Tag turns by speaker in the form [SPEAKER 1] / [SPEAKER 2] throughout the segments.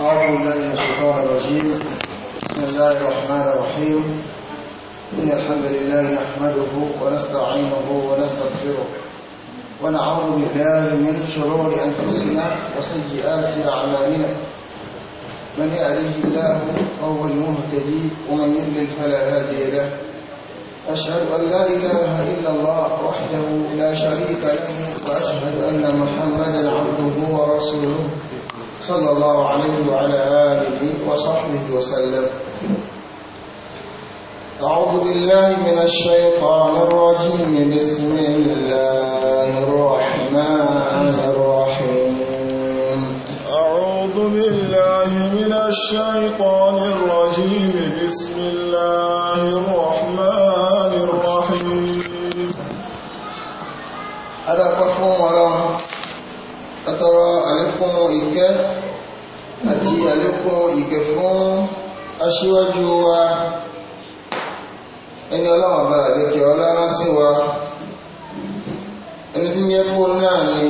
[SPEAKER 1] أعوذ بالله من الشيطان الرجيم بسم الله الرحمن الرحيم إن الحمد لله نحمده ونستعينه ونستغفره ونعوذ بالله من شرور أنفسنا وسيئات أعمالنا من يعرف الله فهو المهتدي ومن يضلل فلا هادي له أشهد أن لا إله إلا الله وحده لا شريك له وأشهد أن محمدا عبده ورسوله صلى الله عليه وعلى آله وصحبه وسلم أعوذ بالله من الشيطان الرجيم بسم الله الرحمن
[SPEAKER 2] الرحيم أعوذ بالله من الشيطان الرجيم بسم الله الرحمن الرحيم
[SPEAKER 1] ألا تفهم ولا àtọrọ àlékún ìkẹ́ àti àlékún ìkẹ́ fún aṣíwájú wa ẹni ọlọ́wọ̀n bá àlékẹ́ ọlọ́rán sí wa ẹni tí yẹ kó náà ni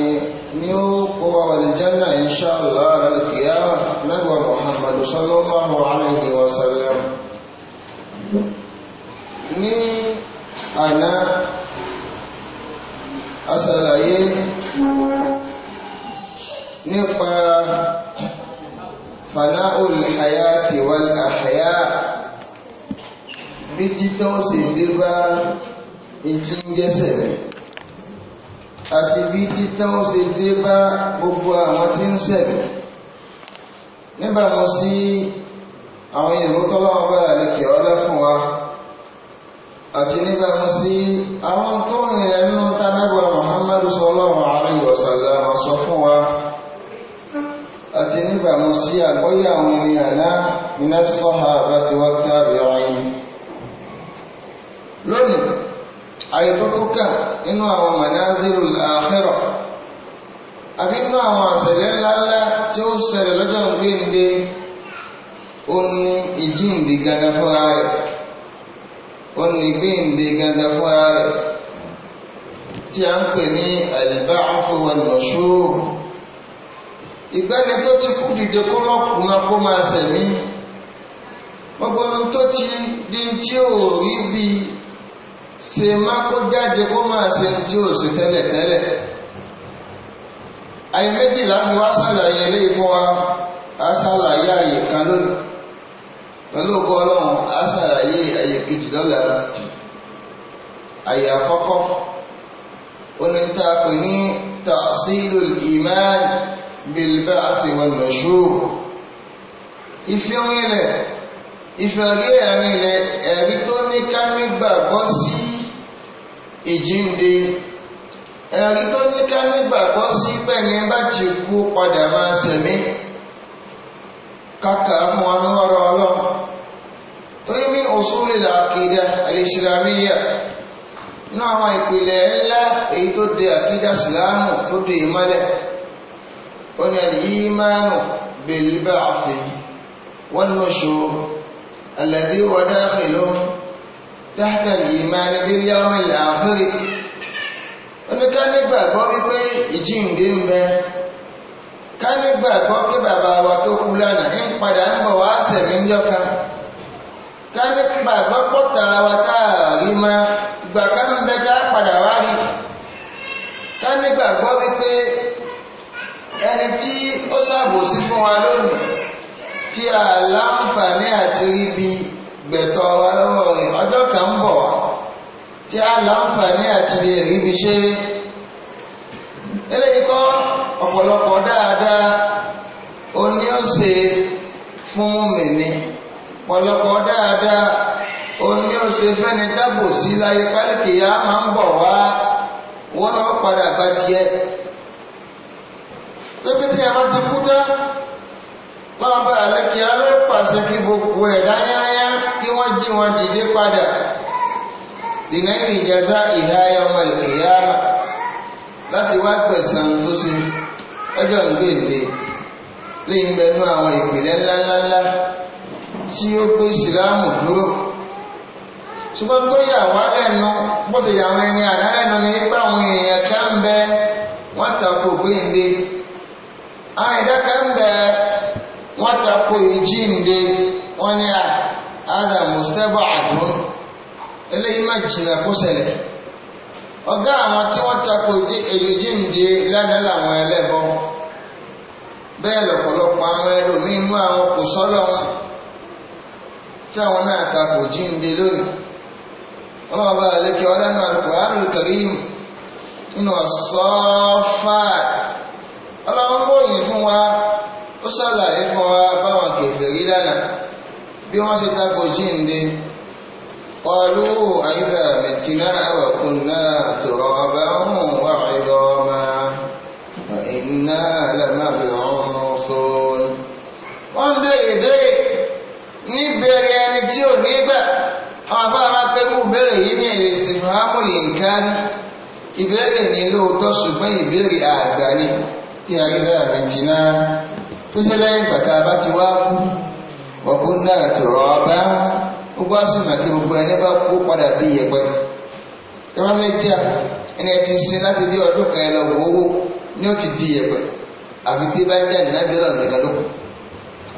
[SPEAKER 1] ni ó kó wa wà lè jẹ́nà insha Allah alkiyama lẹ́gbà Muhammad sallallahu alaihi wa sallam ní àná asàlàyé nípa fana'ul hayati wal ahya bí títọ́ sì rí bá ìtí ń jẹ́sẹ̀ rẹ̀ àti bí títọ́ sì dé bá gbogbo àwọn tí ń sẹ̀rẹ̀ níbàmú sí àwọn ìrútọ́lọ́wọ́ bá àlekè ọlá fún wa àti níbàmú sí àwọn tó ń rìn ẹnu tánágbà Muhammadu sallallahu alaihi wasallam sọ fún wa àti níbàmú sí àgbọ́yé àwọn ẹni àná iná sọ́ha bá ti wá káàbì ọ̀yìn lónìí àyètòkókà nínú àwọn manaziru àkhírà àbí nínú àwọn àṣẹlẹ̀ ńláńlá tí ó ṣẹlẹ̀ lọ́jọ́ gbéǹde ó ní ìjíǹde gangan fúnra rẹ̀ ó ní gbéǹde gangan fúnra rẹ̀ tí a ń pè ní àlìbáàfọwọ́nọ̀ṣóòrò ìgbẹ́ni tó ti kú dìde kó mọ́kùnrin kó máa sẹ̀mí gbogbo ohun tó ti di tí ò rí bí ṣe má kó jáde kó máa ṣe tí ò sí tẹ́lẹ̀tẹ́lẹ̀ ayé méjìlá ni wá sàlàyé ilé ìfọ́ wa á sàlàyé àyè kan lónìí pẹ̀lú ògbó ọlọ́run á sàlàyé àyè kejì lọ́la àyè àkọ́kọ́ oní ta pè ní tàṣílù ìmáàlì bilbaasi wọn nashur ìfihànilẹ̀ ìfihànlẹ̀ ẹ̀rinlẹ̀ ẹ̀rí tó ní ká nígbàgbọ́ sí ìjínde ẹ̀rí tó ní ká nígbàgbọ́ sí bẹ́ẹ̀ni bá ti kú padà máa sẹ̀mí kàkà mú anúwọ́rọ̀ ọlọ́ torí ní usulil àkídà al-islamiyya náà àwọn ìpìlẹ̀ ńlá èyí tó de àkídà sílámù tó de ìmọ́lẹ̀ oní alìyímánù bèlìbà àti wọ́n mọ̀ṣù alàbí wọ́dá fèlò tàtà alìyímánì bílíọ̀nù ìlàáfírí oníká nígbàgbọ́ wípé ìjíǹde ń bẹ ká nígbàgbọ́ pé bàbá wa tó kú lánàá ń padà ń bọ̀ wá sẹ̀mí ń jọ́ka ká nígbàgbọ́ pọ̀tà wa táà rí ma ìgbà ká ń bẹ ká padà wá ẹni tí ó ṣàbòsí fún wa lónìí tí a láǹfààní àti ríbi gbẹ̀tọ̀ wa lọ́wọ́ rẹ̀ ọjọ́ kan ń bọ̀ tí a láǹfààní àti ríbi ṣe eléyìí kọ́ ọ̀pọ̀lọpọ̀ dáadáa ó ní ó ṣe fún mi ní ọ̀pọ̀lọpọ̀ dáadáa ó ní ó ṣe fẹ́ni láyé pálíkì yá pépé tí a bá ti kú dá lọ́wọ́ bá àlẹ́kì alẹ́ pàṣẹ kí gbogbo ẹ̀dá yáyá kí wọ́n jí wọn dìde padà dìgbà ìrìn ìjàzá ìdáyà ọmọ ìkẹyàmà láti wá pẹ̀sán tó ṣe ọjọ́ ìgbèǹde lẹ́yìn pẹ̀lú àwọn ìpìlẹ̀ ńláńláńlá tí ó gbé ìsìláàmù dúró ṣùgbọ́n tó yà wá lẹ́nu bó ti yà wọn ẹni àdá lẹ́nu ní nípa àwọn èèyàn ká ń wọ́n tako gbèǹde anyị idaka mbe nwata pụrụ ji nde onye a ada mustapha agụ eléyìí má jìnà kó ṣẹlẹ̀ ọ̀gá àwọn tí wọ́n tako èyí jíǹde lánàá làwọn ẹlẹ́bọ bẹ́ẹ̀ lọ́pọ̀lọpọ̀ àwọn ẹlòmíì mú àwọn kò sọ́lọ́run tí àwọn náà tako jíǹde lónìí ọlọ́wọ́ bá lékè ọlá náà Al-Qur'anul Karim nínú as-Saffat ọlọ́run ròyìn fún wa ó ṣàlàyé fún wa báwọn kèfèrí lánàá bí wọ́n ṣe tako jíǹde ọlú àyíká mẹ̀tìná àwọ̀kùn náà tòrọ ọba ọ̀hún wà ìlọ ọmọ iná wọ́n béèrè béèrè ní bẹ̀rẹ̀ ẹni tí ò ní àwọn bá pẹ́kú bẹ̀rẹ̀ yìí ní nǹkan ìbéèrè ní lóòótọ́ ṣùgbọ́n ìbéèrè àgbà ni. tí a rí lára jìnà tó ṣe lẹ́yìn bàtà bá ti wá kú ọkùn náà tó rọ ọba ó bá súnmọ̀ kí gbogbo ẹni bá kú padà bí ìyẹ̀pẹ̀ tí wọ́n fẹ́ jà ẹni ti sin láti bí ọdún kan lọ wò owó ní ó ti di ìyẹ̀pẹ̀ àfi tí bá jẹ́ ìnábẹ́ lọ nìkan ló kù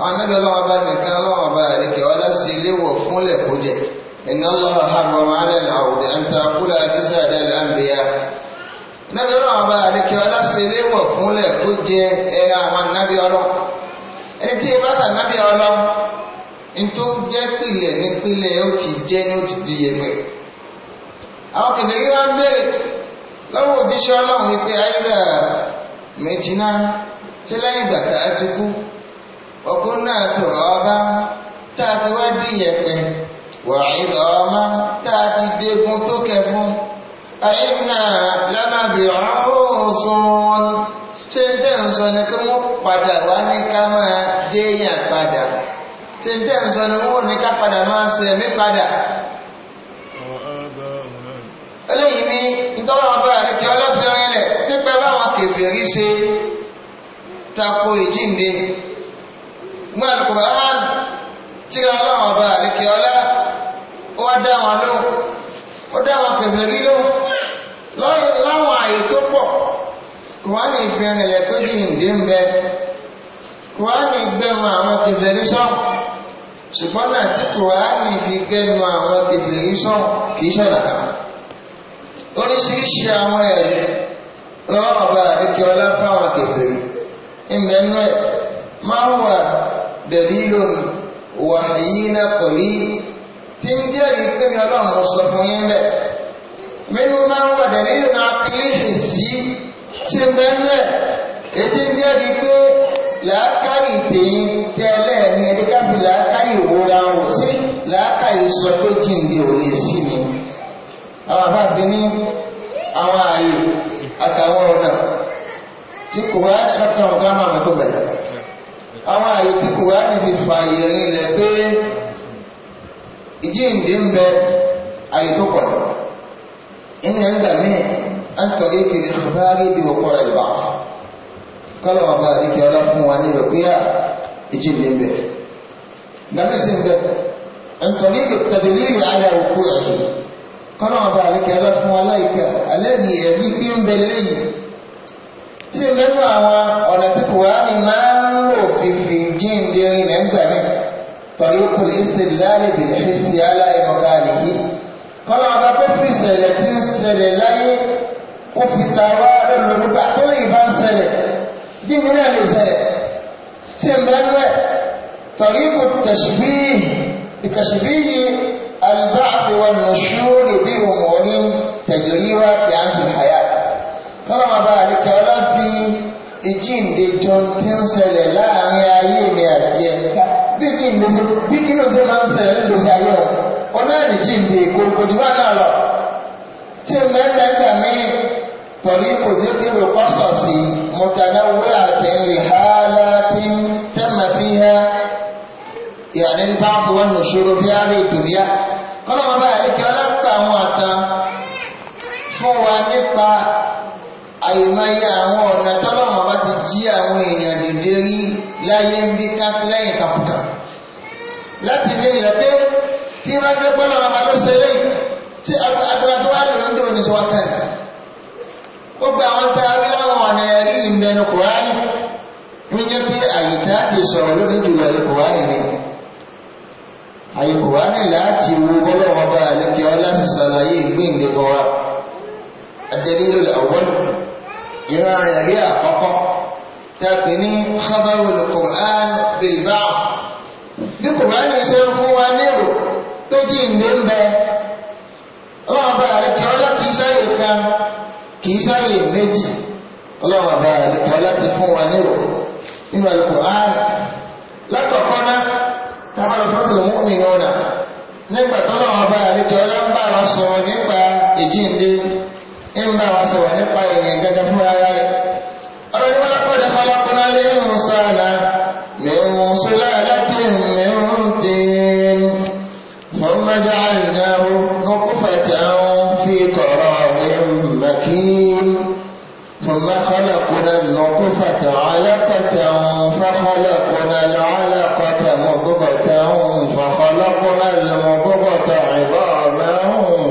[SPEAKER 1] àwọn ìnábẹ́ ọlọ́wọ́ bá nìkan ọlọ́wọ́ bá àdìkẹ́ ọlá sí iléwọ̀ fúnlẹ̀ kó jẹ إن الله nábì ọlọ́run ọba àdékẹ́ ọlá ṣe fúnlẹ̀ kó jẹ ẹ àwọn nabi ọlọ́ ẹni tí ebá sà nábì ọlọ́ ntó jẹ́ pìlẹ̀ ní pìlẹ̀ ó ti jẹ́ ní ó ti di àwọn lọ́wọ́ ní pé lẹ́yìn ti kú ọba tá a ti wá di wàá ìlọ àìnà lámàbìrún ṣe ń tẹ́ ń sọ ni pé wọ́n padà wá ní ká máa déyàn padà ṣe ń tẹ́ ń sọ ni wọ́n ní ká padà máa ṣe mí padà eléyìí ní ìtọ́lọ́wọ́ bá àríkẹ́ ọlọ́fẹ́rin rẹ̀ nípa báwọn kèfèrí ṣe tako ìjínde mú àdùkùnbà àríkẹ́ ọlá ó dá wọn lóhùn ó dá wa kẹfẹ́ rí lóhùn láwọn àyè tó pọ̀ kùránì fi rìnlẹ̀ pé jíǹde ń bẹ kùránì gbẹ̀rún àwọn kẹfẹ́ rí sọ́ọ̀ ṣùgbọ́n náà tí kùránì fi gbẹ̀nu àwọn kẹfẹ́ rí sọ́ọ̀ kì í ṣẹ̀dá kan oríṣiríṣi àwọn ẹ̀rí lọ́wọ́ ọba àríkẹ́ ọlá fáwọn kẹfẹ́ rí ìmẹ́nu ẹ̀ máa wà dẹ̀lílò wà yí náà pẹ̀lú tí ń jẹ́ yìí pé mi ọlọ́run sọ fún yín bẹ́ẹ̀ mímú máa ń wọ̀dẹ̀ nínú akílíhì sí ṣe mẹ́lẹ̀ ètí ń jẹ́ yìí pé làákàyè tèyí tẹ́lẹ̀ ní ẹ̀dẹ́gàbí làákàyè wòra wò sí làákàyè sọ pé jíǹde ò lè sí ni àwọn àbábí ní àwọn ààyè àtàwọn ọ̀nà tí kò wá ṣàfihàn ọ̀gá máa mẹ́kọ̀ọ́ bẹ̀rẹ̀ àwọn ààyè tí kò wá níbi fààyè nílẹ̀ pé ìjíǹde ń bẹ ayé tó pọ̀ lọ ìnà ń gbà míì á ń tọ̀rí kiri fúnfúnárì bí wọ́pọ̀ rẹ̀ bá kọ́lọ̀ wọn bá àdíkẹ́ ọlá fún wa nílò pé à ìjíǹde ń bẹ gbàmí sí ń bẹ ń tọ̀rí tẹ̀lélírì alẹ́ òkú ẹ̀yìn kọ́lọ̀ wọn bá àdíkẹ́ ọlá fún wa láìpẹ́ alẹ́ ní ẹ̀rí pé ń bẹ lẹ́yìn sí ń àwọn ọ̀nà tí kò ní máa طريق الاستدلال بالحس على مكانه kọ́lá ọba pé fún ìṣẹ̀lẹ̀ tí ń ṣẹlẹ̀ láyé ó fi tàwa lọ́lọ́gbà tó lè bá ń ṣẹlẹ̀ bí mi náà lè ṣẹlẹ̀ tí ń bá lẹ́ tọ̀ríkù tẹ̀ṣìbíyì ìtẹ̀ṣìbíyì albáàfi wọn nà ṣúrì bí òmòrí tẹ̀jìríwá pé à ń fi tí ń ṣẹlẹ̀ láàrin ayé mi àti ẹ̀ka bí kí n lóṣe bí kí lóṣe máa ń sẹ̀rẹ̀ lóṣe ayé ọ̀ ọ̀nà ẹ̀rì tí ń de kòròkò jù bá náà lọ tí ń mẹ́ta gbà mí pẹ̀lú kò sí kí ló kọ́ sọ̀ sí mọ̀tàná wé àtẹ̀lé ha láti tẹ́mà fi ha ìyàní bá fún wọn bí ara ìdùnnìyà kọ́nà wọn bá kí ọlọ́pàá àwọn àtàn fún wa nípa àyèmáyé àwọn ọ̀nà tọ́lọ́mọ ti jí àwọn èèyàn dèdè rí láyé ń bí ká lẹ́yìn kàkúkà láti lè yẹ pé tí wọ́n gbé gbọ́dọ̀ wọn máa ló ṣe lé tí agbára tó wà lórí ń dò ní sọ kẹ́ gbogbo àwọn tá a rí láwọn ọ̀nà ẹ̀rí ìmẹ́nu kùránì wọ́n yẹ pé àyíká ti sọ̀rọ̀ lórí jùlọ ayé kùránì ni ayé kùránì láti wo gbọ́dọ̀ wọn bá àlẹ́kẹ́ ọ láti ṣàlàyé ìgbéǹde fún wa àdẹ́rìlò àwọn ìran ẹ̀rí àkọ́kọ́ tá a pè ní bí kùránì ṣe ń fún wa lérò pé jí ìdè ń bẹ ọlọ́ọ̀bá àlẹ́kẹ́ ọlá sáyè kan kìí sáyè méjì ọlọ́ọ̀bá àlẹ́kẹ́ ọlá fún wa lérò nínú alukùránì látọ̀kọ́ náà táwọn olùfọ́tò mọ́mí wọn náà nígbà tó náà ọba àlejò ọlá ń bá ń bá wa nípa gẹ́gẹ́ fún ara rẹ̀ علقة فخلقنا العلقة مضبة فخلقنا المضبة عظاما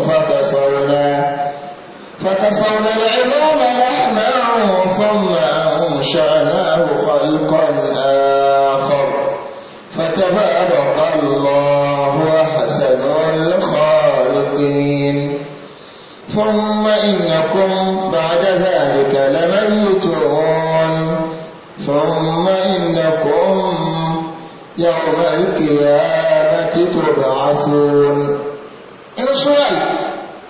[SPEAKER 1] فكسونا فكسرنا العظام لحما ثم أنشأناه خلقا آخر
[SPEAKER 2] فتبارك الله أحسن الخالقين
[SPEAKER 1] ثم القيامة تبعثون إن شوي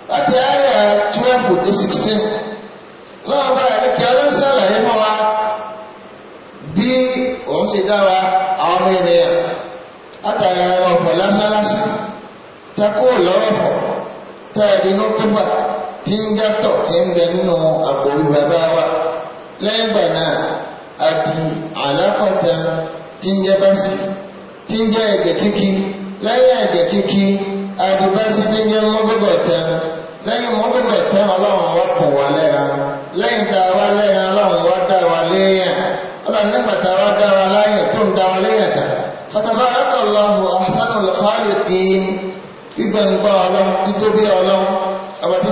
[SPEAKER 1] أتي آية 12 16 لا أبرا لك يا لنسى لهم bí òun ṣe dára àwọn ọmọ ènìyàn látara ẹran ọ̀pọ̀ lásánlásán takó lọ́rọ̀ tẹ́ẹ̀dì inú pípa tí ń dátọ̀ tí ń bẹ nínú àpòrí bàbá wa lẹ́yìn ìgbà náà àti àlákọ̀tà tí ń jẹ́ bá sí tí jẹ́ ẹ̀jẹ̀ kíkí lẹ́yìn ẹ̀jẹ̀ kíkí àdìbẹ́sí ti ń jẹ́ mọ́gbẹ́bẹ̀tẹ́ lẹ́yìn mọ́gbẹ́bẹ̀tẹ́ ọlọ́run wá pọ̀ wá lẹ́ra lẹ́yìn tá a wá lẹ́ra ọlọ́run wá dá wa léèyàn nígbà tá a wá dá wa láyè tó ń dá wa tán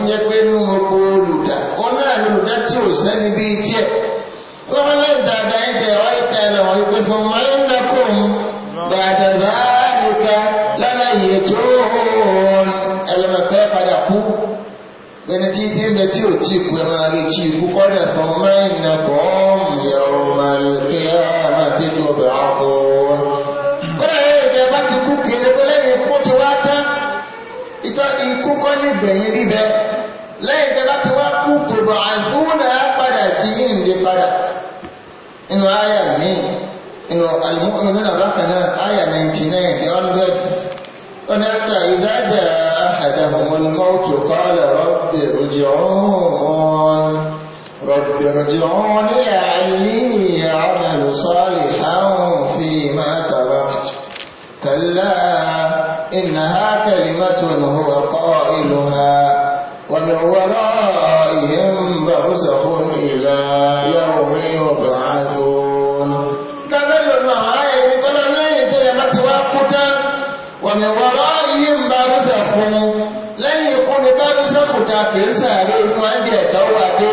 [SPEAKER 1] ń pé oko olùdá náà tí ò sẹ́ni bíi tiẹ̀ lọ́wọ́ lẹ́yìn dáadáa ń ìpèsè ọmọ بعد ذلك لميتون ẹlẹ́mẹ̀fẹ́ padà kú ẹni tí tí ń bẹ tí ò tí kú ẹmọ àríkí ikú kọ́dẹ̀ fún mẹ́rinà kan yẹ̀rọ màlùkẹ́ àmà tí tó bẹ̀ àpọ̀ ẹ̀rẹ́ bá ti kú kéré pé lẹ́yìn ikú ti wá tán ìtọ́ ikú kọ́ ní gbẹ̀yìn bíbẹ lẹ́yìn tẹ́ bá ti wá kú tòbọ̀ àzúnà padà tí yìí ń dé padà nínú àyà míì إنه المؤمنون رقم آية 99 حتى إذا جاء أحدهم الموت قال رب ارجعون رب ارجعون لعلي أعمل صالحا فيما تركت كلا إنها كلمة هو قائلها ومن ورائهم برزخ إلى يوم يبعث ومن ورائهم برزخ lẹ́yìn ikú ni bárúsẹ́kù ta kìí sàárè fún ẹgbẹ́ ẹ̀tọ́ wà dé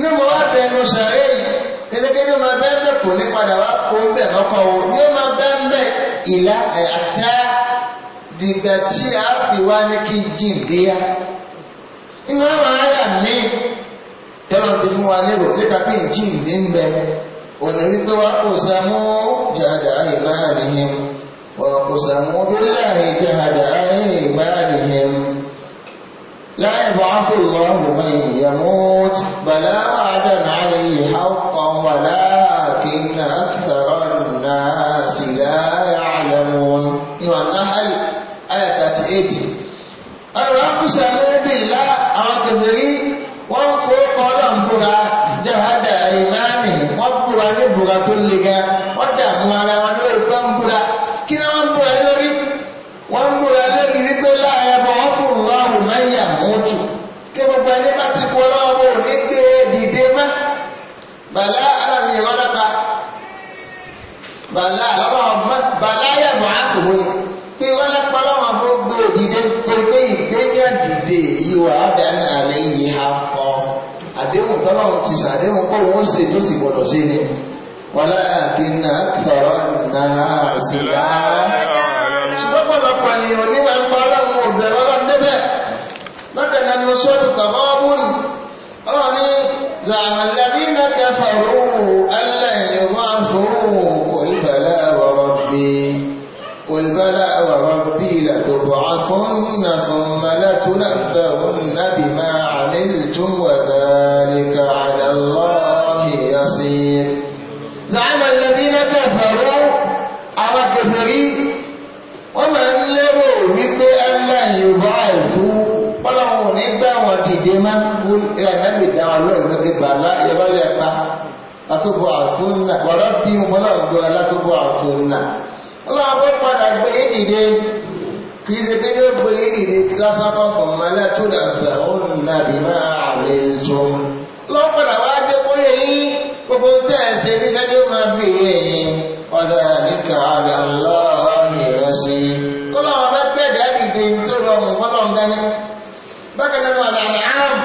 [SPEAKER 1] ní mo wá bẹnu sàárè yìí kékeré ní ma bẹ́ẹ̀ bẹ́ẹ̀ kò ní padà wá kó ń bẹ̀ mọ́kọ́ o ní ma bẹ́ẹ̀ ìlà àtá dìgbà tí a fi wá ní kí n jí ìgbéyà. inú àwọn ará mi tẹ́lọ̀ ti fún wa nílò nípa pé ìjí ìgbé ń bẹ òní wípé wá kò sẹ́mú jàdá ìmáà وأقسموا بالله جهد أيمانهم لا يبعث الله من يموت بلا وعدا عليه حقا ولكن أكثر الناس لا يعلمون والنحل آية 38 أقسموا بالله أكبري وفوق لنبرا جهد أيمانهم وبرا نبرا كل kó wọ́n ṣe tó sì gbọ́dọ̀ ṣe ni wàlá àkínà sọ̀rọ̀ náà sí i. ṣùgbọ́n pọ̀lọpọ̀ àyẹ̀wò níwà ń pa ọlọ́run ọ̀bẹ̀rẹ̀ ọlọ́run débẹ̀ lọ́dẹ̀ náà ni sọ́ọ̀tù kàbọ̀ ọ̀bùn ọ̀rọ̀ ní làmàlẹ́bí náà وربي لتبعثن ثم لتنبؤن بما عملتم وذلك kèfèrí wọ́n máa ń lérò wípé allah yorùbá ẹ̀fú pọ́láwọn ní gbá wọn dìde máa ń fún ẹ̀ẹ́dẹ́gbẹ̀ dá wọn lóyún lókè gbàlá ìyẹ́bálẹ̀ pa látòbọ̀ àtúnnà wọ́lá bí wọn náà gbọ́ látòbọ̀ àtúnnà ọlọ́wọ́ padà gbé dìde kì í ṣe pé yóò gbé dìde lásán kan fún ọmọ náà tó dàgbà òun náà bí máa àwẹ̀ tó lọ́pàdà wá dé kórè yín gbogbo وذلك على الله يسير ọlọ́run bá bẹ̀rẹ̀ àgbègbè tó rọrùn fọlọ́run dání bákan nínú àlàyé àrùn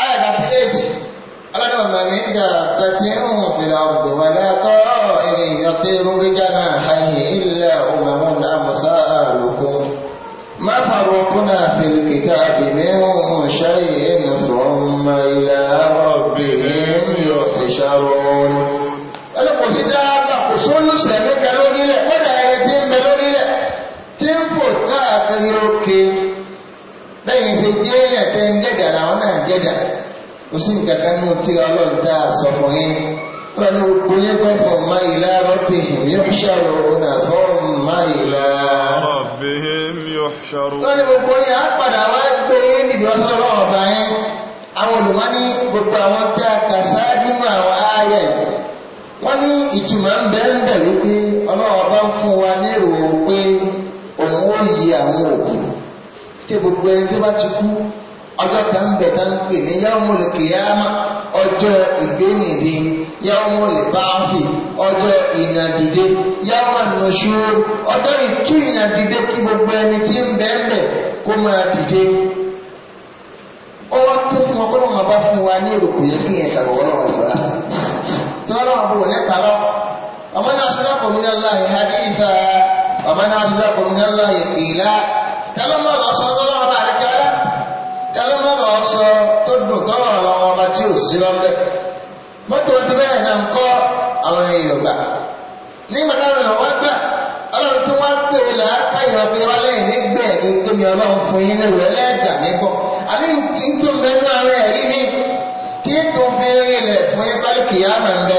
[SPEAKER 1] ayàdá fíléèjì ọlọ́run bá mi dà tàtí ń fìlà ọ̀gbìn wà látọ́ ènìyàn tó irú gbígbà náà ayé ilẹ̀ òmùmù náà mọ̀sá àlùkò má farò kúnà fìlì kíkà àbìmí ń ṣe é nìṣọ́ ọmọ ilẹ̀ àwọn. sẹ̀mí kan lórílẹ̀ kódà ẹni tí ń bẹ lórílẹ̀ tí ń fò káàkiri òkè lẹ́yìn ṣe jẹ́ èèyàn tẹ́ ń jẹ́dà làwọn náà jẹ́dà kò sí nǹkan kan nù tí ọlọ́run tá a sọ fún yín wọn ni gbogbo yẹn kọ́ fún ma ìlà rọ́bìhìm yóò ṣàrò ọ̀nà fún ma ìlà rọ́bìhìm gbogbo yẹn á padà wá gbé níbi ọlọ́run ọba yẹn àwọn olùmọ́ ní gbogbo àwọn tí a kà sáájú wọ́n ní ìtumọ̀ ń bẹ ń bẹ wípé ọlọ́run bá ń fún wa ní èrò pé òun ó yí àwọn òkú tí gbogbo ẹni tó bá ti kú ọjọ́ kan ń bẹ tá ń pè ní yawmul qiyama ọjọ́ ìgbénìde yawmul ba'thi ọjọ́ ìnàdìde yawmun nushur ọjọ́ ìtú ìnàdìde kí gbogbo ẹni tí ń bẹ ń bẹ kó máa dìde tí wọ́n náà búrò nípa lọ ọmọ náà sọ́dọ̀ kò ní lọ́la ìhàdí ìta ọmọ náà sọ́dọ̀ kò ní lọ́la ìpìlá tẹ́lọ́mọ́ bá sọ tó lọ́wọ́ bá rẹ̀ kẹ́lá tẹ́lọ́mọ́ bá sọ tó dùn tó wà lọ́wọ́ ọba tí ò sí lọ́bẹ̀ mọ́tò ti bẹ́ẹ̀ náà ń kọ́ àwọn èèyàn gbà ní mọ̀tàrún náà wọ́n gbà ọlọ́run tó wá pè é làákàyọ̀ bí wọ́n lẹ́yìn nígbẹ̀ẹ́ tí ètò fi rinlẹ̀ fún ìpàdé kìyàmà ń bẹ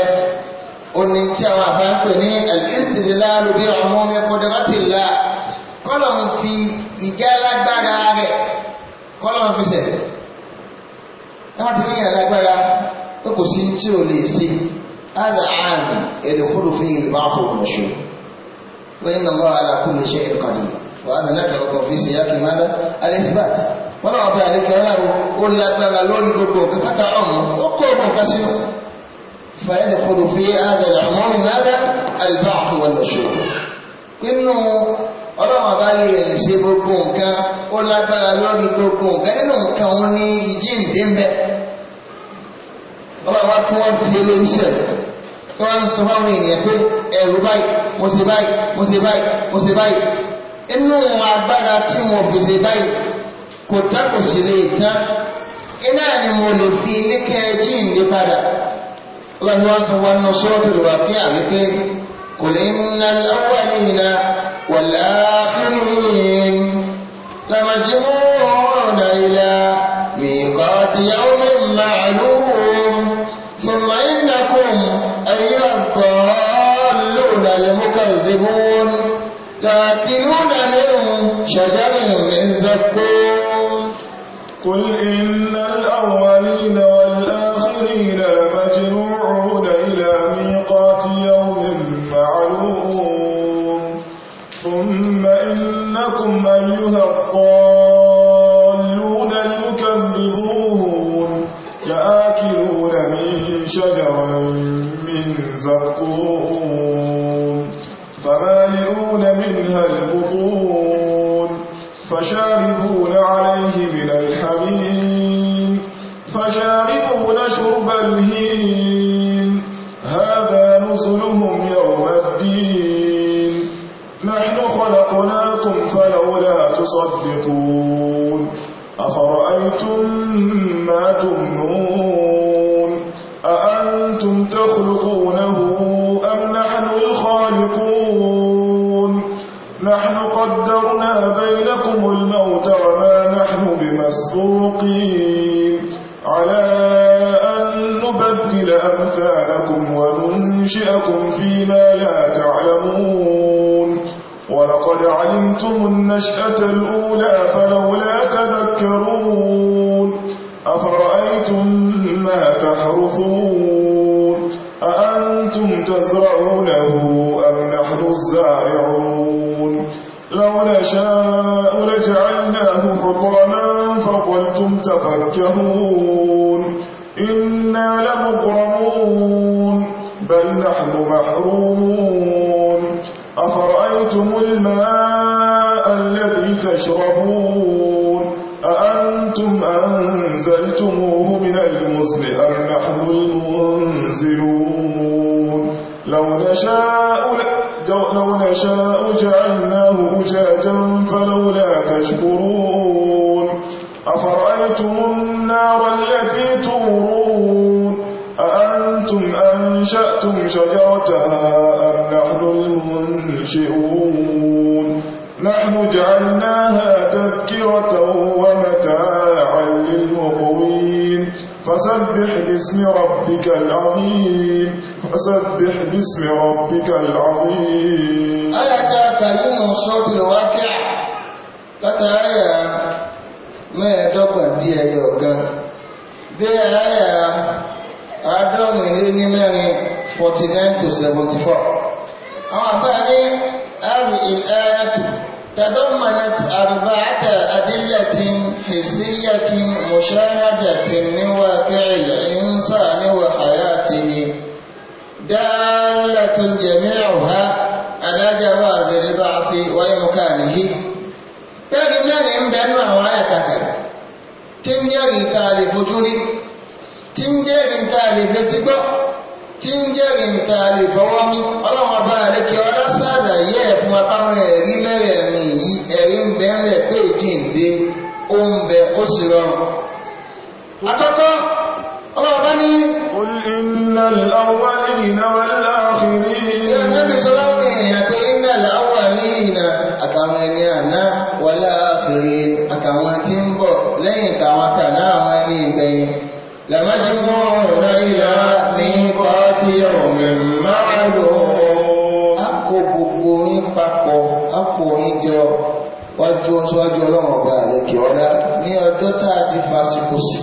[SPEAKER 1] òní tí àwọn àbá ń pè ní ẹ̀lẹ́sìlélá lóbi ọmọ mẹ́kọ́dẹ́mọ́tìlá kọ́lọ̀ ń fi ìjà lágbára rẹ̀ kọ́lọ̀ ń fi sẹ̀ wọ́n ti ní ìyàn lágbára ó kò sí tí ò lè sí هذا عام يدخل فيه البعض والنشور وإن الله على كل شيء قدير وهذا نقل في سياق ماذا؟ الإثبات wọ́n náà bá àríkẹ́ ọlọ́run ó lágbára lórí gbogbo òkè pátá ọ̀hún ó kó ogun nǹkan sí ó fàyẹ̀dẹ̀ fòdò fi àdàlẹ̀ àmọ́rù náírà àlùbá àfihàn lọ́sọ̀ nínú ọlọ́run àbálẹ̀ rẹ̀ ṣe gbogbo nǹkan ó lágbára lórí gbogbo nǹkan nínú nǹkan òun ní ìjíǹde ń bẹ ọlọ́run wá kí wọ́n fi ilé iṣẹ́ wọ́n ń sọ fáwọn ènìyàn pé ẹ̀rù báyìí mo ṣe báyìí mo ṣe báyìí mo ṣe báyìí kò tán kò sì lè tán iná ni mo lè fi ní kẹjí ìdí padà ọlọ́run wá sọ wọn nọ sọ́ọ́tù rẹ̀ kí àwípé kò lè ń na lọ́wọ́ yìí na láàfin لمجموعون إلى
[SPEAKER 2] من شجر من زقوم قل إن الأولين والآخرين لمجموعون إلى ميقات يوم معلوم ثم إنكم أيها الضالون المكذبون لآكلون من شجر من زقوم فمالئون منها المكذبون ملهين هذا نزلهم يوم الدين نحن خلقناكم فلولا تصدقون أفرأيتم ما تمنون أأنتم تخلقونه أم نحن الخالقون نحن قدرنا بينكم الموت وما نحن بمسبوقين على ينشئكم فيما لا تعلمون ولقد علمتم النشأة الأولى فلولا تذكرون أفرأيتم ما تحرثون أأنتم تزرعونه أم نحن الزارعون لو نشاء لجعلناه حطاما فقلتم تفكهون إنا لمقرمون بل نحن محرومون أفرأيتم الماء الذي تشربون أأنتم أنزلتموه من المزن أم نحن المنزلون لو نشاء لو نشاء جعلناه أجاجا فلولا تشكرون أفرأيتم النار التي تورون أنشأتم شجرتها أم نحن المنشئون نحن جعلناها تذكرة ومتاعا للمقوين فسبح باسم ربك العظيم فسبح باسم ربك العظيم ألا
[SPEAKER 1] تأكلون الصوت الواقع لتعيى ما يتقن دي أيها بها àádọ́rin eré ní mẹ́rin 49 to 74 àwọn àfáàní àrí ìlẹ́ẹ̀kù تضمنت أربعة أدلة حسية مشاهدة من واقع الإنسان وحياته دالة جميعها على جواز البعث وإمكانه تجمع بأنواع وعيتك تنجري تالي فجوري tí ń jẹ́rìí ta lè fetí gbọ́ tí ń jẹ́rìí ta lè fọwọ́ mú ọlọ́run ọba àlékè ọlá sàlàyé ẹ̀ fún apáwọn ẹ̀rí mẹ́rẹ̀ẹ̀rin yìí ẹ̀rí ń bẹ ń bẹ pé ìjì ń gbé ó ń bẹ ó sì rọrùn. àkọ́kọ́ ọlọ́run bá ní. قل إن الأولين والآخرين síwájú ọlọ́run ọba rẹ̀ kí ọlá ní ọjọ́ tá a di fásikò sí.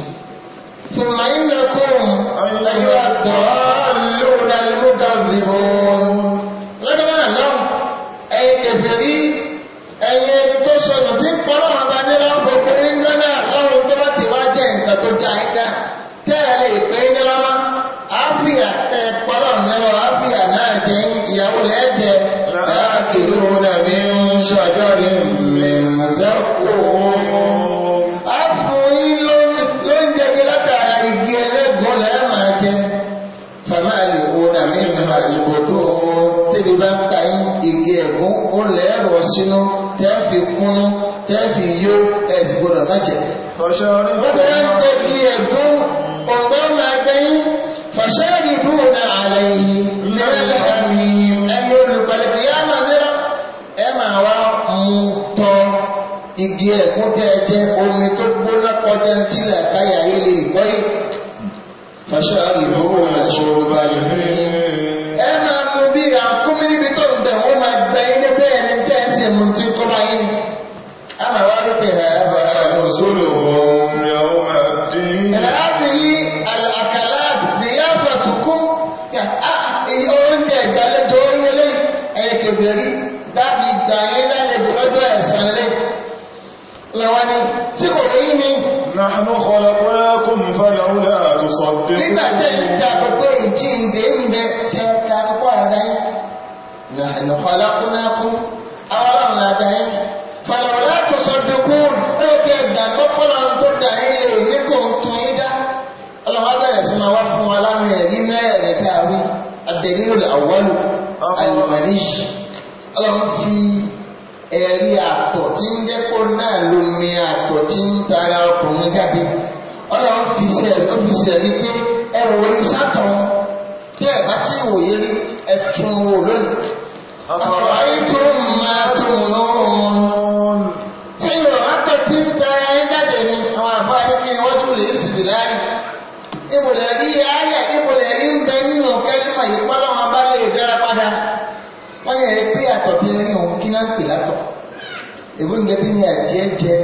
[SPEAKER 1] gbìyàn jẹ́jẹ́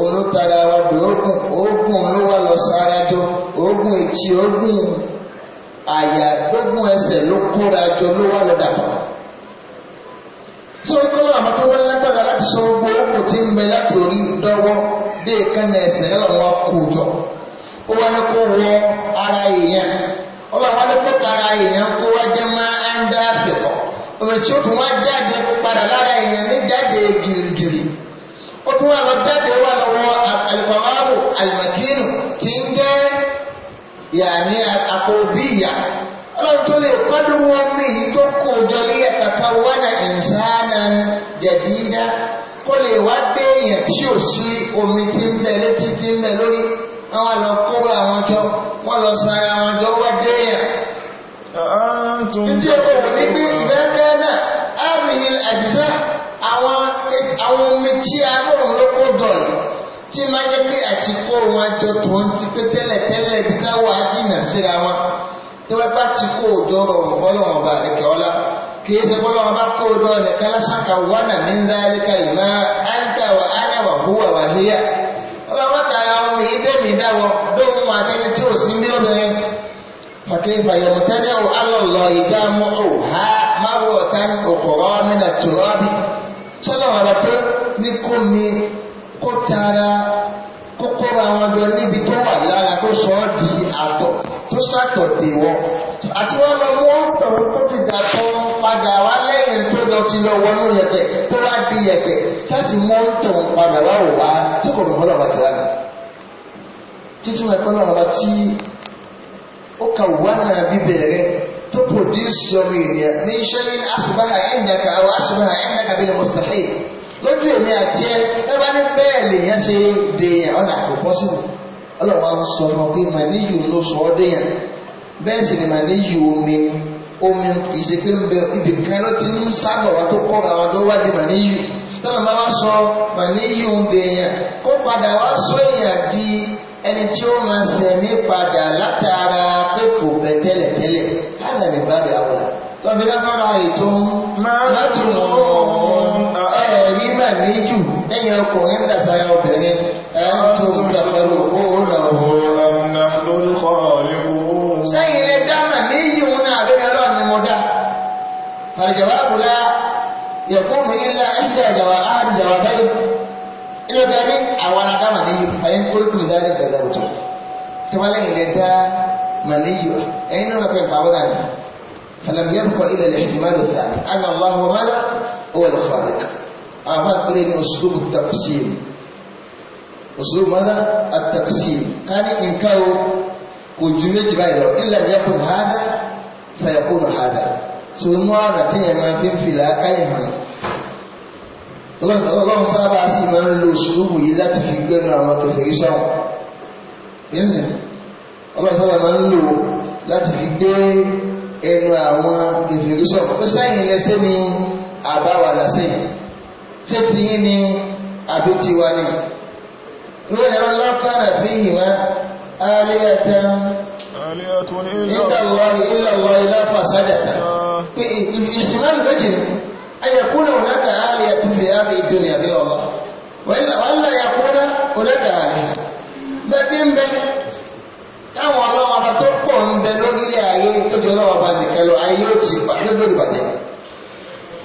[SPEAKER 1] olótara wa dùn oògùn oògùn ló wà lọ sára jọ oògùn etí àyà ogun ẹsẹ̀ ló kóra jọ ló wà lọ dàpọ̀. tí ó kọ́ àwọn tó wọ́n lágbára láti sọ gbogbo oògùn ti ń bẹ láti orí dọ́wọ́ ẹsẹ̀ ara èèyàn tara èèyàn kó máa ń dá tí ó tún wá jáde padà lára ó tún wà lọ jáde wà lọ́wọ́ alùpàwárò alùmàkínù tí ń jẹ́ yàní àkọ́bí ìyá ọlọ́run tó lè kọ́dún wọn mí yìí tó kó jọ ní ẹ̀kàkà wánà ìsáná jẹ̀dídá kó lè wá dé èèyàn tí ò sí omi tí ń bẹ létí tí ń bẹ lórí wọn lọ kó àwọn jọ wọn lọ sara àwọn jọ wá dé èèyàn. ǹjẹ́ o ní bí àwọn omi tí arọ́rùn ló kó dọ̀nù tí máa jẹ́ pé àti wọn jọ tó ń ti pé tẹ́lẹ̀tẹ́lẹ̀ ibi táwọn adínà síra wọn tí wọ́n bá ti kó òjò rọrùn bọ́lọ́wọ́n bá rẹ̀ kẹ́ọ́lá kìí ṣe bọ́lọ́wọ́n bá kó òjò rẹ̀ kẹ́lá ṣáka wánà ní dáríkà ìmá áńkà wà áńkà wà húwà wà híyà ọlọ́wọ́ tara wọn ní ibẹ̀ mi dáwọ́ lóhun tí ò sí sọ́dọ̀ ọ̀rọ̀ pé ní kó ni kó tara kó kóra wọn jọ níbi tó wà lára kó sọ ọ́ di àtọ̀ tó sàtọ̀ dè wọ́n. àti wọn lọ mú wọn tọ̀rọ̀ tó ti dà tó padà wá lẹ́yìn tó lọ ti lọ wọnú yẹ̀pẹ̀ tó wá di yẹ̀pẹ̀ sáàtì mú wọn tọ̀rọ̀ padà wá wò wá tó kò lọ́wọ́ lọ́wọ́ kìlá mi. títún ẹ̀kọ́ náà wá tí ó kà wá náà bíbẹ̀rẹ̀ to produce your media ní ṣẹ́lẹ̀ ní asùbáhà ẹ̀ndàkà àwọn asùbáhà ẹ̀ndàkà bí mustahil lójú èmi àti ẹ ẹgbà ní bẹ́ẹ̀ lè yẹn ṣe dèèyàn ọ̀nà àkókò sí ọlọ́wọ́ ń sọ fún pé mà níyù ló sọ ọ́ dèèyàn bẹ́ẹ̀ sì ni mà níyù omi omi ìṣèké ń bẹ ibi kan ló ti ń sábọ̀ wá tó kọ́ àwọn tó wá di mà níyù tọ́nà bá wá ẹni tí ó máa ṣẹ̀ ní látara pé kò bẹ tẹ́lẹ̀tẹ́lẹ̀ من باب أولى lọ́bí lábára ètò láti mọ̀ ẹ̀rí mà níjù ẹ̀yìn ọkùnrin dàsáyà obìnrin ẹ̀ẹ́tò ìjàfẹ́lú òun àwọn sẹ́yìn lè dámà níyì wọn náà lórí ọlọ́run ni mo dá fàjọba kùlá yẹ̀kún mi ńlá ẹ̀ṣẹ̀ ìjọba àdìjọba bẹ́ẹ̀ ilé bẹ́ẹ̀ ní àwọn adámà níyì fàyín kúrúkú ìdánilẹ̀ bẹ̀rẹ̀ òtún tí wọ́n lẹ́yìn lè dá mà níyì ẹ̀yìn náà lọ́pẹ̀ ìpàwọ́ náà فلم يبق إلا الاحتمال الثاني أن الله ماذا؟ هو الخالق أعمال قليل أسلوب التقسيم أسلوب ماذا؟ التقسيم كان إنكار كجميج بايلو إن لم يكن هذا فيكون هذا سنوا نتيجة ما في في لا الله الله sábà sí الأسلوب ń lo ما yìí ينزل الله gbẹ́nu àwọn kẹfẹ̀rí sáwọn yẹ́sìn ẹnu àwọn ìfìdúsọ̀ ó sẹ́yìn lẹ́sẹ̀ ni àbáwà lásẹ̀ ṣé ti yín ni àbí tiwa ni. Ìwé ìrọ̀ lọ́kànnà fi ìwá aliyata ìdàlọ́rì ìlàlọ́rì láfàṣádà ìsìnmáà lójì ni ayakuna hunaka aliyatu fi hadhi dunya bi Allah wa illa walla yakuna hunaka bẹ́ẹ̀ bí ń bẹ́ẹ̀ táwọn ọlọ́mọba tó pọ̀ ń bẹ lórílẹ̀ ayé tójú ọlọ́mọba nìkan lọ ayé ó ti bà lójú ìbàjẹ́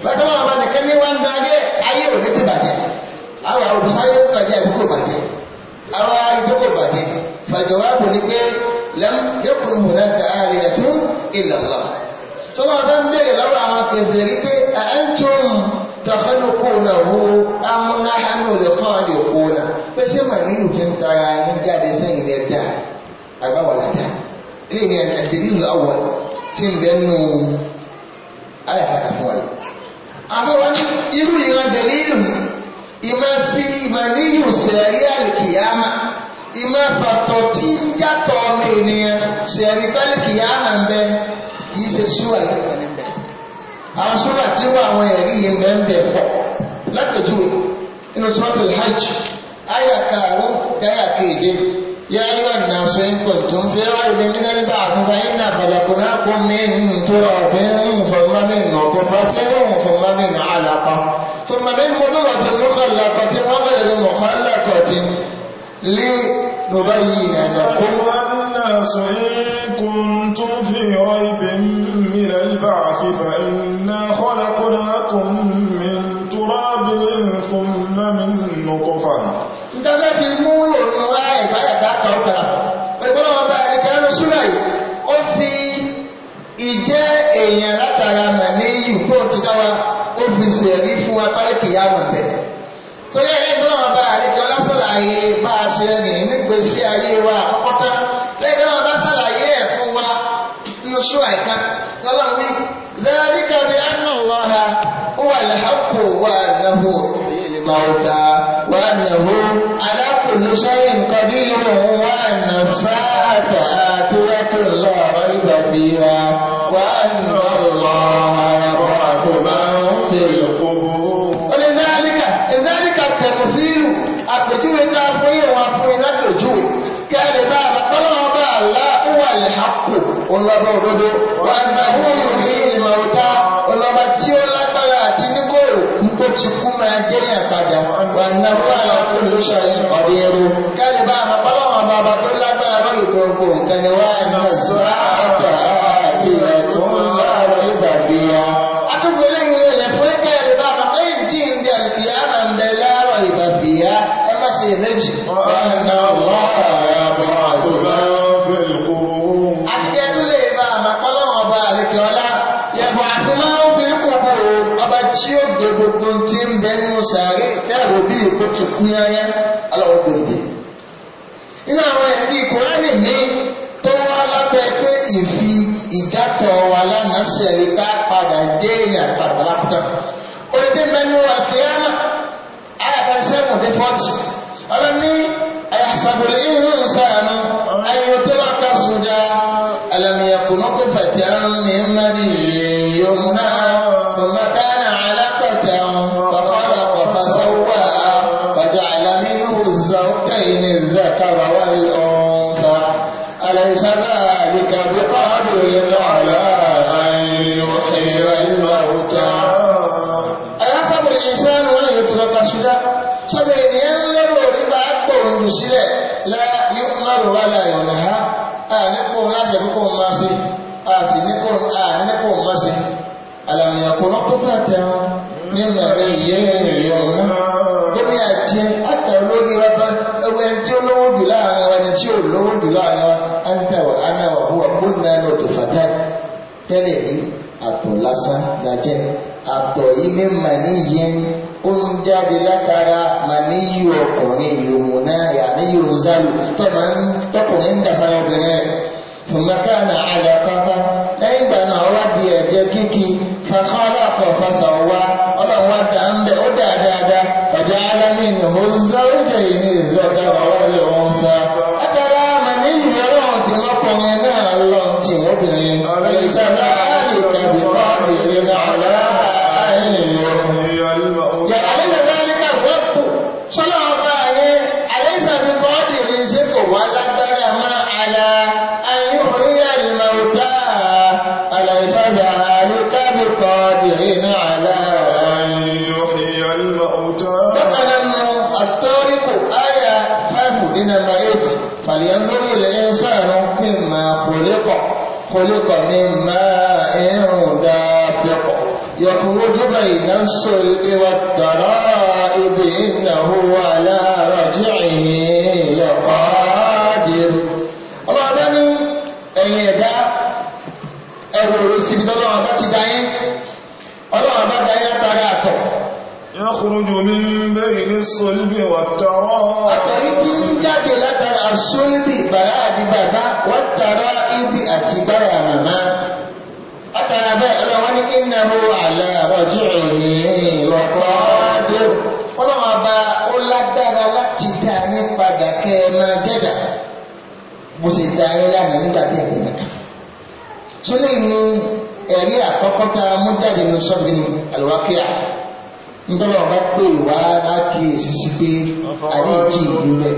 [SPEAKER 1] bàtà ọlọ́mọba nìkan ní wá ń darí ẹ̀ ayé ò ní ti bàjẹ́ àwọn àwòsáyé bàjẹ́ àdúgbò bàjẹ́ àwọn àdúgbò bàjẹ́ fàjọwábù ni pé lẹ́m yọkùnrin mọ̀ náà ká àárẹ̀ ẹ̀tún ìlàlá tọ́lọ́ ọ̀dọ́ ń bèèrè lọ́rọ̀ àwọn kẹfẹ́ rí pé àẹ́ntùm àgbà wà lájà ilé ní ẹ̀kẹ́dí ìlú àwọ̀ tí ń bẹ nù ayàkàkà fún wa yìí. àbúrò ní irú ìran dẹ̀lí ìlú ìmọ̀ sí ìmọ̀ níyù sẹ̀rí àlìkìyàmà ìmọ̀ pàtó tí ń yàtọ̀ ọmọ ènìyàn sẹ̀rí pálíkìyàmà ń bẹ kì ṣe súwà yìí kan ní bẹ. àwọn súwà tí wọ́n àwọn ẹ̀rí yìí ń bẹ ń bẹ pọ̀ lápẹ̀jù nínú sọ́tò hajj ayàkà àrùn káyà kéde. يا أيها الناس إن كنتم في ريب من البعث فإنا خلقناكم من تراب ثم من نطفة ثم من علقة ثم من قدرة مخلقة وغير مخلقة لنبين لكم يا أيها
[SPEAKER 2] الناس إن كنتم في ريب من البعث فإنا خلقناكم من تراب ثم من نطفة
[SPEAKER 1] èèyàn látara mẹ̀mí yìí tó ti dá wa ó fi ṣèrí fún wa pálíkì yá wọn bẹ̀. torí ẹni tó náà bá àlejò lásàlàyé bá a ṣe rìn nígbèsí ayé wa àkọ́kọ́ tán tẹ́lẹ̀ náà bá ṣàlàyé ẹ̀ fún wa nínú ṣó àìkan ní lẹ́ẹ̀ríkà bí anú lọ́ra wà láhàkó wà náhó màwùtà wà náhó alákòlóṣẹ́yìn kọjú ìròhùn wà náà sáà kowace kuyaya خلق من ماء دافق يخرج بين الصلب والترائب إنه على رجعه لقادر الله أعلم أن يدع أول سبيل الله أبا الله
[SPEAKER 2] أبا دعين
[SPEAKER 1] أتغاثه
[SPEAKER 2] يخرج من بين الصلب
[SPEAKER 1] والترائب أتغيب sulbi bayani bàbá wọ́n tara ibi àti báyà màmá. Ọ̀tara bẹ́ẹ̀ ọlọ́wọ́n ní innahu ala raj'ihi laqadir. Wọ́n náà máa bá ó lágbára láti dá yín padà kẹ́ ẹ máa jẹ́dà. Mo sì dá yín lánàá nígbà tí ẹ̀kọ́ yẹn Sólè ní ẹ̀rí àkọ́kọ́ tá a mú jáde ní sọ́bìnrin àlùwákíyà nítorí ọba pé wá lákìí sí pé àríjì ìgbìmẹ̀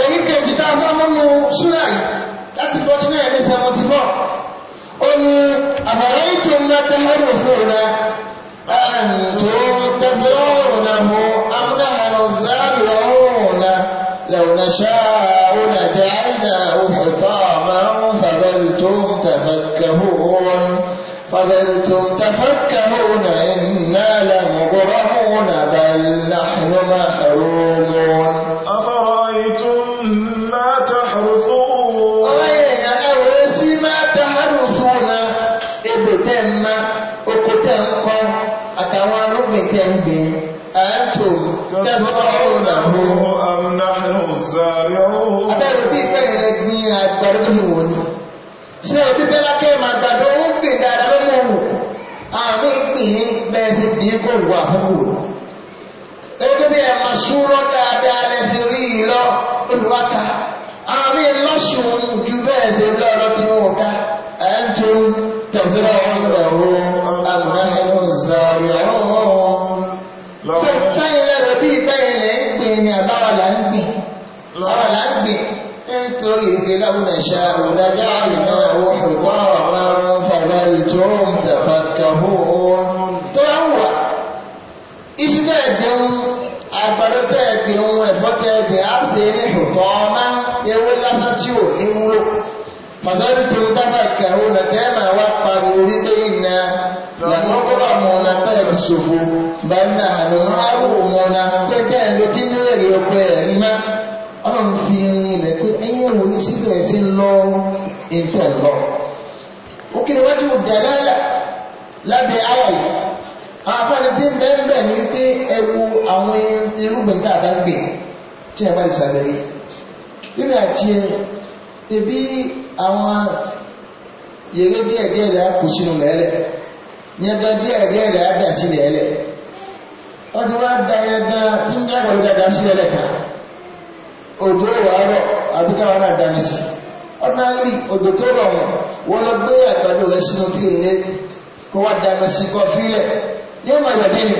[SPEAKER 2] ẹ̀yìn kejì tá a
[SPEAKER 1] bá mọ́nú súnà yìí láti bọ́ sínú ẹ̀mí sẹ́mọ́tì bọ́ ó ní àbàrá ètò ńlẹ́tẹ́ lọ́rùn fún ọ̀rẹ́ àǹtò tẹ̀síọ́rùn náà mú amúnáhàn ọ̀záàrì ọ̀rùn ظللتم تفكهون إنا لمبرمون بل نحن محرومون أفرأيتم ما تحرثون وين أورس ما تحرثون إبتم أكتنكم أتوان بتنبي أنتم تزرعونه أم نحن الزارعون أبرد بين أدنية أكبر منون سيدي tó wù àbúkù ẹgbẹ́ bí ẹ máa súnrọ́ dáadáa lẹ́bi orí yìí lọ olùwàkà àmì lọ́sùn ju bẹ́ẹ̀ ṣe ń lọ́rọ́ tí wọ́n ká ẹ̀ ń tó tẹ̀síwá wọn lọ́wọ́ àgbáyọ̀ zàrìọ̀ sẹ́yìn lẹ́rọ bí bẹ́ẹ̀ lẹ́ ń gbìn ní àbáwọ̀ ń gbìn àbáwọ̀ ń gbìn nítorí ìgbéláwọ̀ nàṣà òdájà àlùmọ́ àwọn òkùnkùn àwọn àwọn irun ẹ̀gbọ́tẹ ẹ̀gbẹ̀ á ṣe ní ìtọ́ ọ̀nà ewé lásán tí ò ní wúlò pàṣẹ́bí tó dábàá ìkẹ̀rù nàtẹ́ máa wá pariwo wípé iná lànà ọgbọ́dọ̀ mọ̀ọ́nà bẹ́ẹ̀ ṣòfò bẹ́ẹ̀nà àná àrò mọ̀ọ́nà pé bẹ́ẹ̀ ló ti ní èrè ọkọ ẹ̀ ńlá ọlọ́run fi ilẹ̀ pé ẹ̀yìn ẹ̀wò ní síbẹ̀ sí lọ ètò ẹ̀lọ́. ó kéré wájú dàdá lábẹ́ àwọ̀ yìí àpẹẹrẹ tí ń bẹ́ẹ̀ bẹ́ẹ̀ ní ẹwu àwọn irúgbìn a bá ń gbè tí ẹ bá lè ṣàlàyé nínú àti ẹ àwọn yèrè díẹ̀ díẹ̀ rẹ̀ kù sínú lẹ́lẹ̀ yẹn díẹ̀ díẹ̀ rẹ̀ dà sí lẹ́lẹ̀ ọdún wa da tí ń dada sí lẹ́lẹ̀ kan òjò sí ọdún àárín òjò tó wọn lọ gbé àgbàdo sínú kó wá sí ní ọmọ ìyàdí ni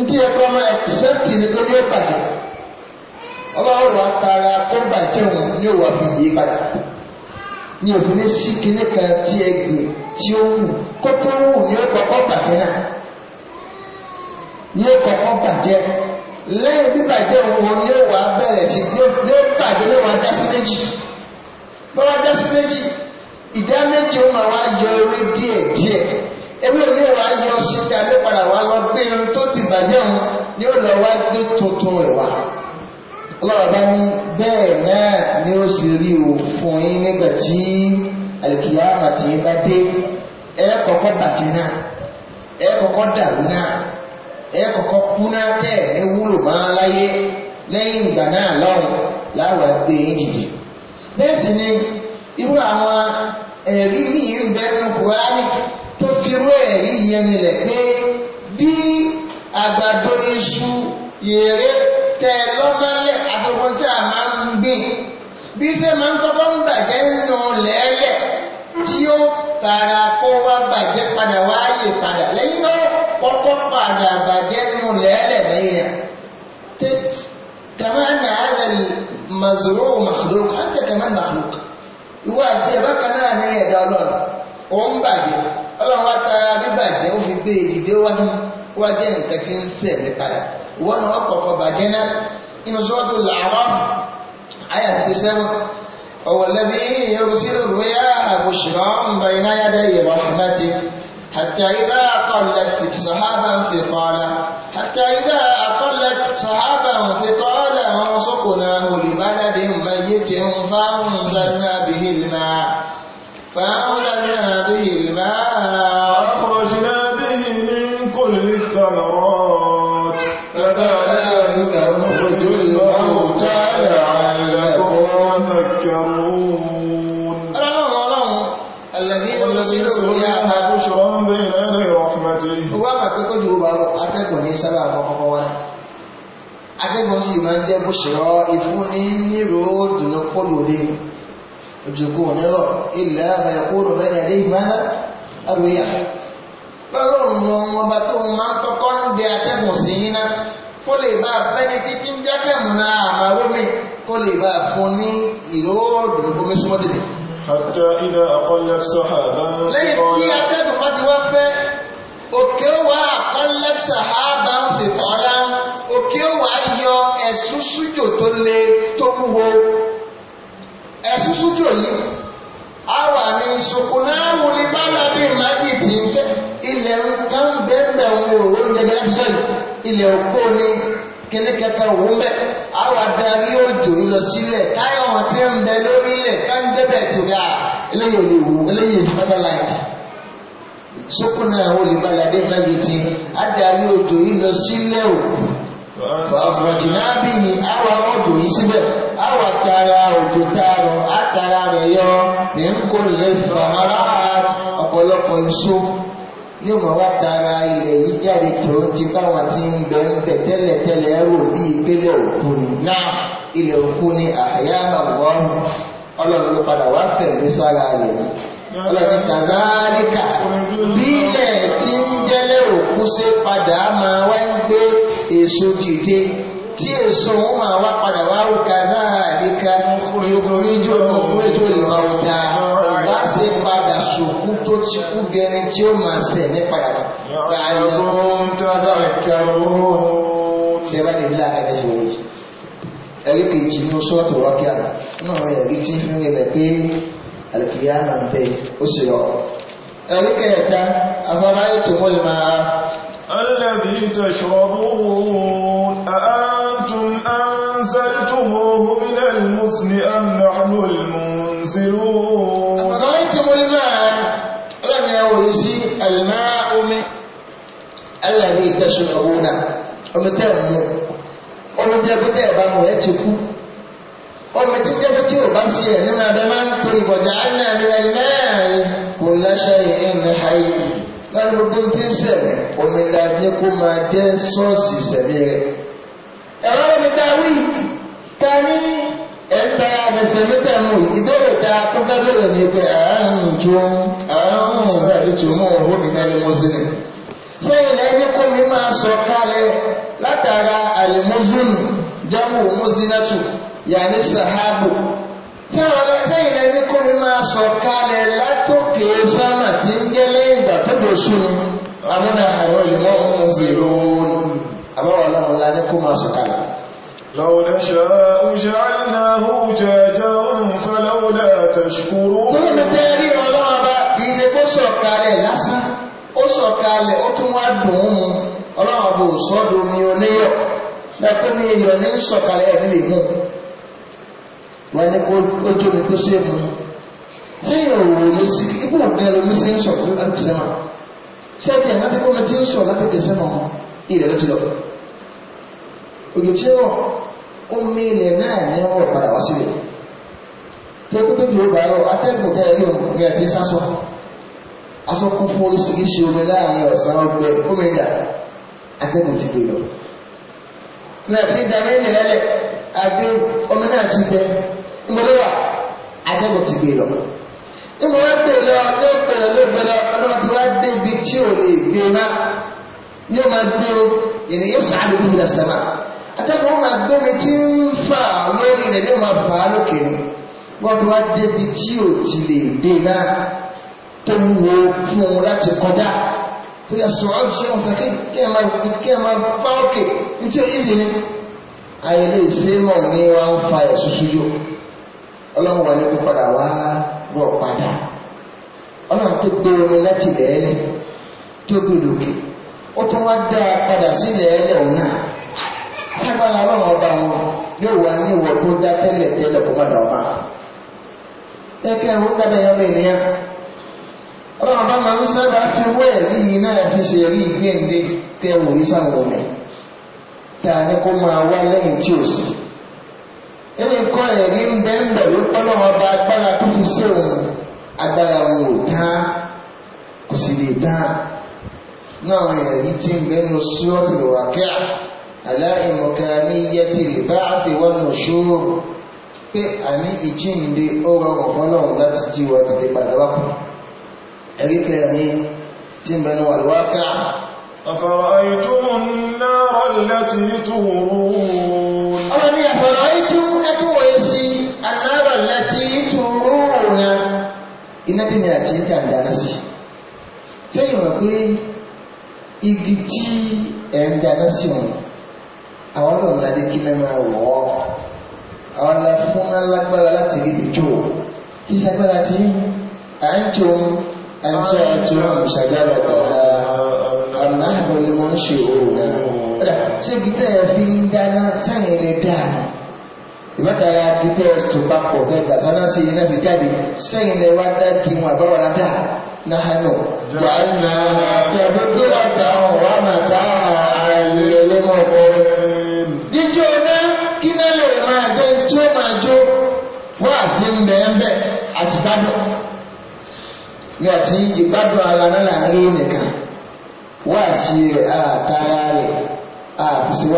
[SPEAKER 1] ntí ẹ̀kọ́ ọmọ ẹ̀sẹ̀tì ní pé yóò padà ọba ọrọ̀ atara tó bàjẹ́ wọn ní òwò àfìyè padà ní òbí ní sí kíní kan tí ẹ gbé tí ó wù kó tó wù ní ọkọ̀ ọkọ̀ bàjẹ́ náà ní ọkọ̀ ọkọ̀ bàjẹ́ lẹ́yìn bíbàjẹ́ wọn ní òwò abẹ́rẹ́ sí ní ó ní wọn dá sí méjì tó wọn dá ewé ilé wa yọ ṣíkà ló padà lọ gbé irun tó ti bàjẹ́ òun ni lọ wá gbé tuntun ní bẹ́ẹ̀ náà ni ó sì rí o yín nígbà tí àlùkìyà àmàtì yín bá dé ẹ kọ́kọ́ bàjẹ́ náà ẹ kọ́kọ́ dàrú náà ẹ kọ́kọ́ kú náà tẹ̀ ẹ wúlò máa láyé lẹ́yìn ìgbà náà tó fi rú ẹ̀rí yẹn nílẹ̀ pé bí àgbàdo iṣu yèrè tẹ lọ́mọ́lẹ̀ àtọkùn tí a máa ń gbìn bí ṣe máa ń kọ́kọ́ ń bàjẹ́ nù lẹ́lẹ̀ tí ó tààrà kó wá bàjẹ́ padà wá yè padà lẹ́yìn náà kọ́kọ́ padà bàjẹ́ nù lẹ́lẹ̀ lẹ́yìn rẹ̀ kàmáà nà á lẹ́lẹ̀ mazoro makhluq àti kàmáà makhluq ìwọ àti ẹ̀bá kan náà ní ẹ̀dá ọlọ́run wọ́n ń bàjẹ́ ọlọ́run wá tara bíbàjẹ́ ó fi gbé ìdíde wá ní wá jẹ́ nǹkan tí ń sẹ̀ mí padà wọ́n ní wọ́n kọ̀kọ́ bàjẹ́ náà inú sọ́ọ́tù làárọ̀ àyà ti sẹ́wọ̀n ọ̀wọ̀lẹ́bí yorùsílù rúyà àbùṣùrọ̀ ń bọ̀ iná yàdá ìrọ̀ àbájẹ́ حتى إذا أقلت سحابا ثقالا حتى إذا أقلت سحابا ثقالا وسقناه لبلد ميت فأنزلنا به الماء فأولنا به الماء أخرجنا به من كل
[SPEAKER 2] الثمرات فكذلك نخرج الموتى لعلكم تذكرون
[SPEAKER 1] الذي يرسل الرياح بشرا بين يدي رحمته هو ما تكتب بارو أتكون يسبع فقوانا akẹ́kọ̀ọ́ sì máa ń jẹ́ bó ṣe rọ ìfúnni ojúkú onírọ̀ ilẹ̀ àbẹ̀kúrò bẹ́ẹ̀ dé ìmáná àrùyà lọ́lọ́run ló wọn bá tó máa ń kọ́kọ́ ń bẹ atẹ́gùn sí yín ná kó lè bá fẹ́ni títí ń jákẹ́mù náà àmàrú mi kó lè bá fún ní ìró òdòdó gómi súnmọ́ tèmi. àtà ilẹ̀ àkọlẹ̀ sàhábà ń fi kọ́ lẹ́yìn tí atẹ́gùn bá ti wá fẹ́ wo ń jò yìí àwa ní ìṣòkòná àwọn oníbàlábì májì tí ń fẹ́ ilẹ̀ nǹkan bẹ́ẹ̀ ń wò ni kíní kẹta òun bẹ́ àwa darí òjò lọ sílẹ̀ táyọ̀ wọn ti ń bẹ lórí ilẹ̀ káńdébẹ̀ tó ga eléyìí ò lè wò eléyìí is better life ìṣòkòná àwọn oníbàlábì májì tí adarí òjò yìí lọ sílẹ̀ òkú. فأخرجنا به أوى رجل سبب أوى ترى وكتاب أترى ميو من كل الثمرات na iṣu ní ọmọ tara ilẹ̀ yìí jáde tó ń ti báwọn ti ń bẹ ń bẹ tẹ́lẹ̀tẹ́lẹ̀ rò bí ìpínlẹ̀ òkú ni náà ilẹ̀ òkú ni àyà náà ọlọ́run ló padà wá fẹ̀mí sára rẹ̀ yìí ọlọ́run kàdáríkà èso dìde tí èso wọn máa wá padà wá òkà náà àdéka ìròyìn ìjọ òun ètò ìlànà ọ̀tá wá sí padà sòkú tó ti kú gẹni tí ó máa sẹ̀ ní padà wá. Àyẹ̀wò ń tọ́jà ìkẹrù. Ṣẹ́bá Ẹ̀rí kejì ní sọ́ọ̀tù rọ́kì àná. Náà ẹ̀rí tí ń fi rẹ̀ pé àlùkìyà náà ń bẹ̀ ó sì rọ̀. Ẹ̀rí kẹta, afárá ètò mọ́lẹ̀ máa الذي
[SPEAKER 2] تشربون أأنتم أنزلتموه من المسن أم نحن المنزلون أفرأيتم الماء
[SPEAKER 1] لم يوزي الماء من الذي تشربون ومتأمون ومتأبتأ بمهتكم ومتأبتأ بمهتكم ومتأبتأ بمهتكم وجعلنا من الماء كل شيء حي ẹni ogun tí ń sẹ̀mí òmìnira ní kó máa jẹ́ sọ́ọ̀sì sẹ̀mí rẹ̀. ẹ̀rọ mi ta wí ta ní ẹ̀ńtà àbẹ̀sẹ̀mí tẹ̀mú ìbéèrè ta kó fẹ́ bẹ̀rẹ̀ ní pé àárín ìjọ àárín ìrẹ̀lẹ̀ tó mú òun ní ẹlẹ́mọ́sílẹ̀. ṣé ilẹ̀ ẹni kó mi máa sọ kálẹ̀ látara àlùmọ́sùn jábù mọ́sílẹ̀tù yàní sàhábù tí ilẹ̀ ẹni kó mi máa sọ kálẹ̀ látòkè sánmà tí ń jẹ́lẹ̀ sùn amúnà àwọn ìmọ̀ ohun zèrò àbáwọ̀ ọlọ́run la ní kó máa sọ̀kalẹ̀ لو نشاء جعلناه
[SPEAKER 2] جاجا فلولا تشكرون nínú tẹ́rí ọlọ́run bá
[SPEAKER 1] kìí ṣe kó sọ̀kalẹ̀ lásán ó sọ̀kalẹ̀ ó tún wá dùn ún mu ọlọ́run bò sọ́dọ̀ mi ò níyọ̀ lẹ́kọ́ ní iyọ̀ ní sọ̀kalẹ̀ ẹ̀ nílé sẹ́ẹ̀tì ẹ̀nà tí kó mẹ́ tí ó sọ̀rọ̀ lápẹ́kẹ̀ sẹ́nà ilẹ̀ ló ti lọ òjò tí ó omi ilẹ̀ náà ní ọ̀rọ̀ padà wá sílẹ̀ tí ó tóbi ó bá yọ atẹ́gùn tẹ́ yóò ní ẹ̀tí sásọ aṣọ kún fún oríṣiríṣi omi láàrin ọ̀sán ọgbẹ omi dà atẹ́gùn ti gbé lọ náà ti nínú wá tẹ̀lé ọ yóò pẹ̀lẹ̀ ló gbẹ̀lẹ̀ ọlọ́run ti wá dé ibi tí ò lè gbé má ní ó máa gbé ìrìn yóò sàánù bí ilẹ̀ sẹ́mà atẹ́kọ̀ọ́ máa gbé mi tí ń fà lórí rẹ̀ ní ó ti ti keke ma ah, oke wọ̀ padà ọlọ́run tó gbé omi láti lẹ́ẹ̀lẹ́ tó gbé lókè ó tún wá dá padà sílẹ̀ ẹlẹ̀ òun náà lágbára ọlọ́run ọba wọn yóò wá ní ìwọ̀ tó dá tẹ́lẹ̀ tẹ́lẹ̀ kó ọba ìwọ ènìyàn ọlọ́run ọba máa ń sábà fi ẹ̀rí yìí náà fi ṣe rí ìgbéǹde nínú ikọ́ ẹ̀rí ń bẹ́ ń bẹ̀ ló pọ́nà ọba agbára tó fi sí òun agbára òun ò dá kò sì lè dá náà ẹ̀rí tí ń bẹ́ nínú súrọ́tì lọ́wọ́ kíá aláìmọ̀ká ní iye tí lè bá àfiwọ́n nù ṣòro pé àní ìjínde ó rọrùn fọ́lọ́run láti jí wa ti lè padà wákù ẹ̀rí kẹrin tí ń bẹ́ nínú àlùwákà. أفرأيتم النار التي تورون أفرأيتم tuwesi annara lati turuna iná bí ni àti ẹ̀dà àdára sí sẹ́yìn rẹ̀ pé igi tí ẹ̀ ń dáná sí wọn àwọn ọlọ́run adé kí náà máa wọ̀ ọ́ àwọn ọlọ́run fún wọn lágbára láti rí ìjọ kí sagbára tí à ń jọ à ń jọ àti wọn ṣàgbára ọ̀dà ọ̀nà àwọn ni wọ́n ń ṣe òun náà ṣé igi tẹ́ ẹ fi ń dáná sáyẹn lè dáa ìmọ̀tara títẹ́ ẹ̀sùn papọ̀ bẹ́ẹ̀ gbàsánà sí iná fi jáde sẹ́yìn lẹ wá dá kí wọn àbáwọ̀ látà náà nù. jàǹdà pẹ̀lú tí wọ́n ta wọn wá ọkọ. jíjó náà kí náà lè máa dé tí ó máa jó fún àsìmbẹ̀ẹ́mbẹ̀ àti gbádùn. ní àti ìgbádùn ara náà láàrin nìkan wáàsí rẹ̀ àtàrà rẹ̀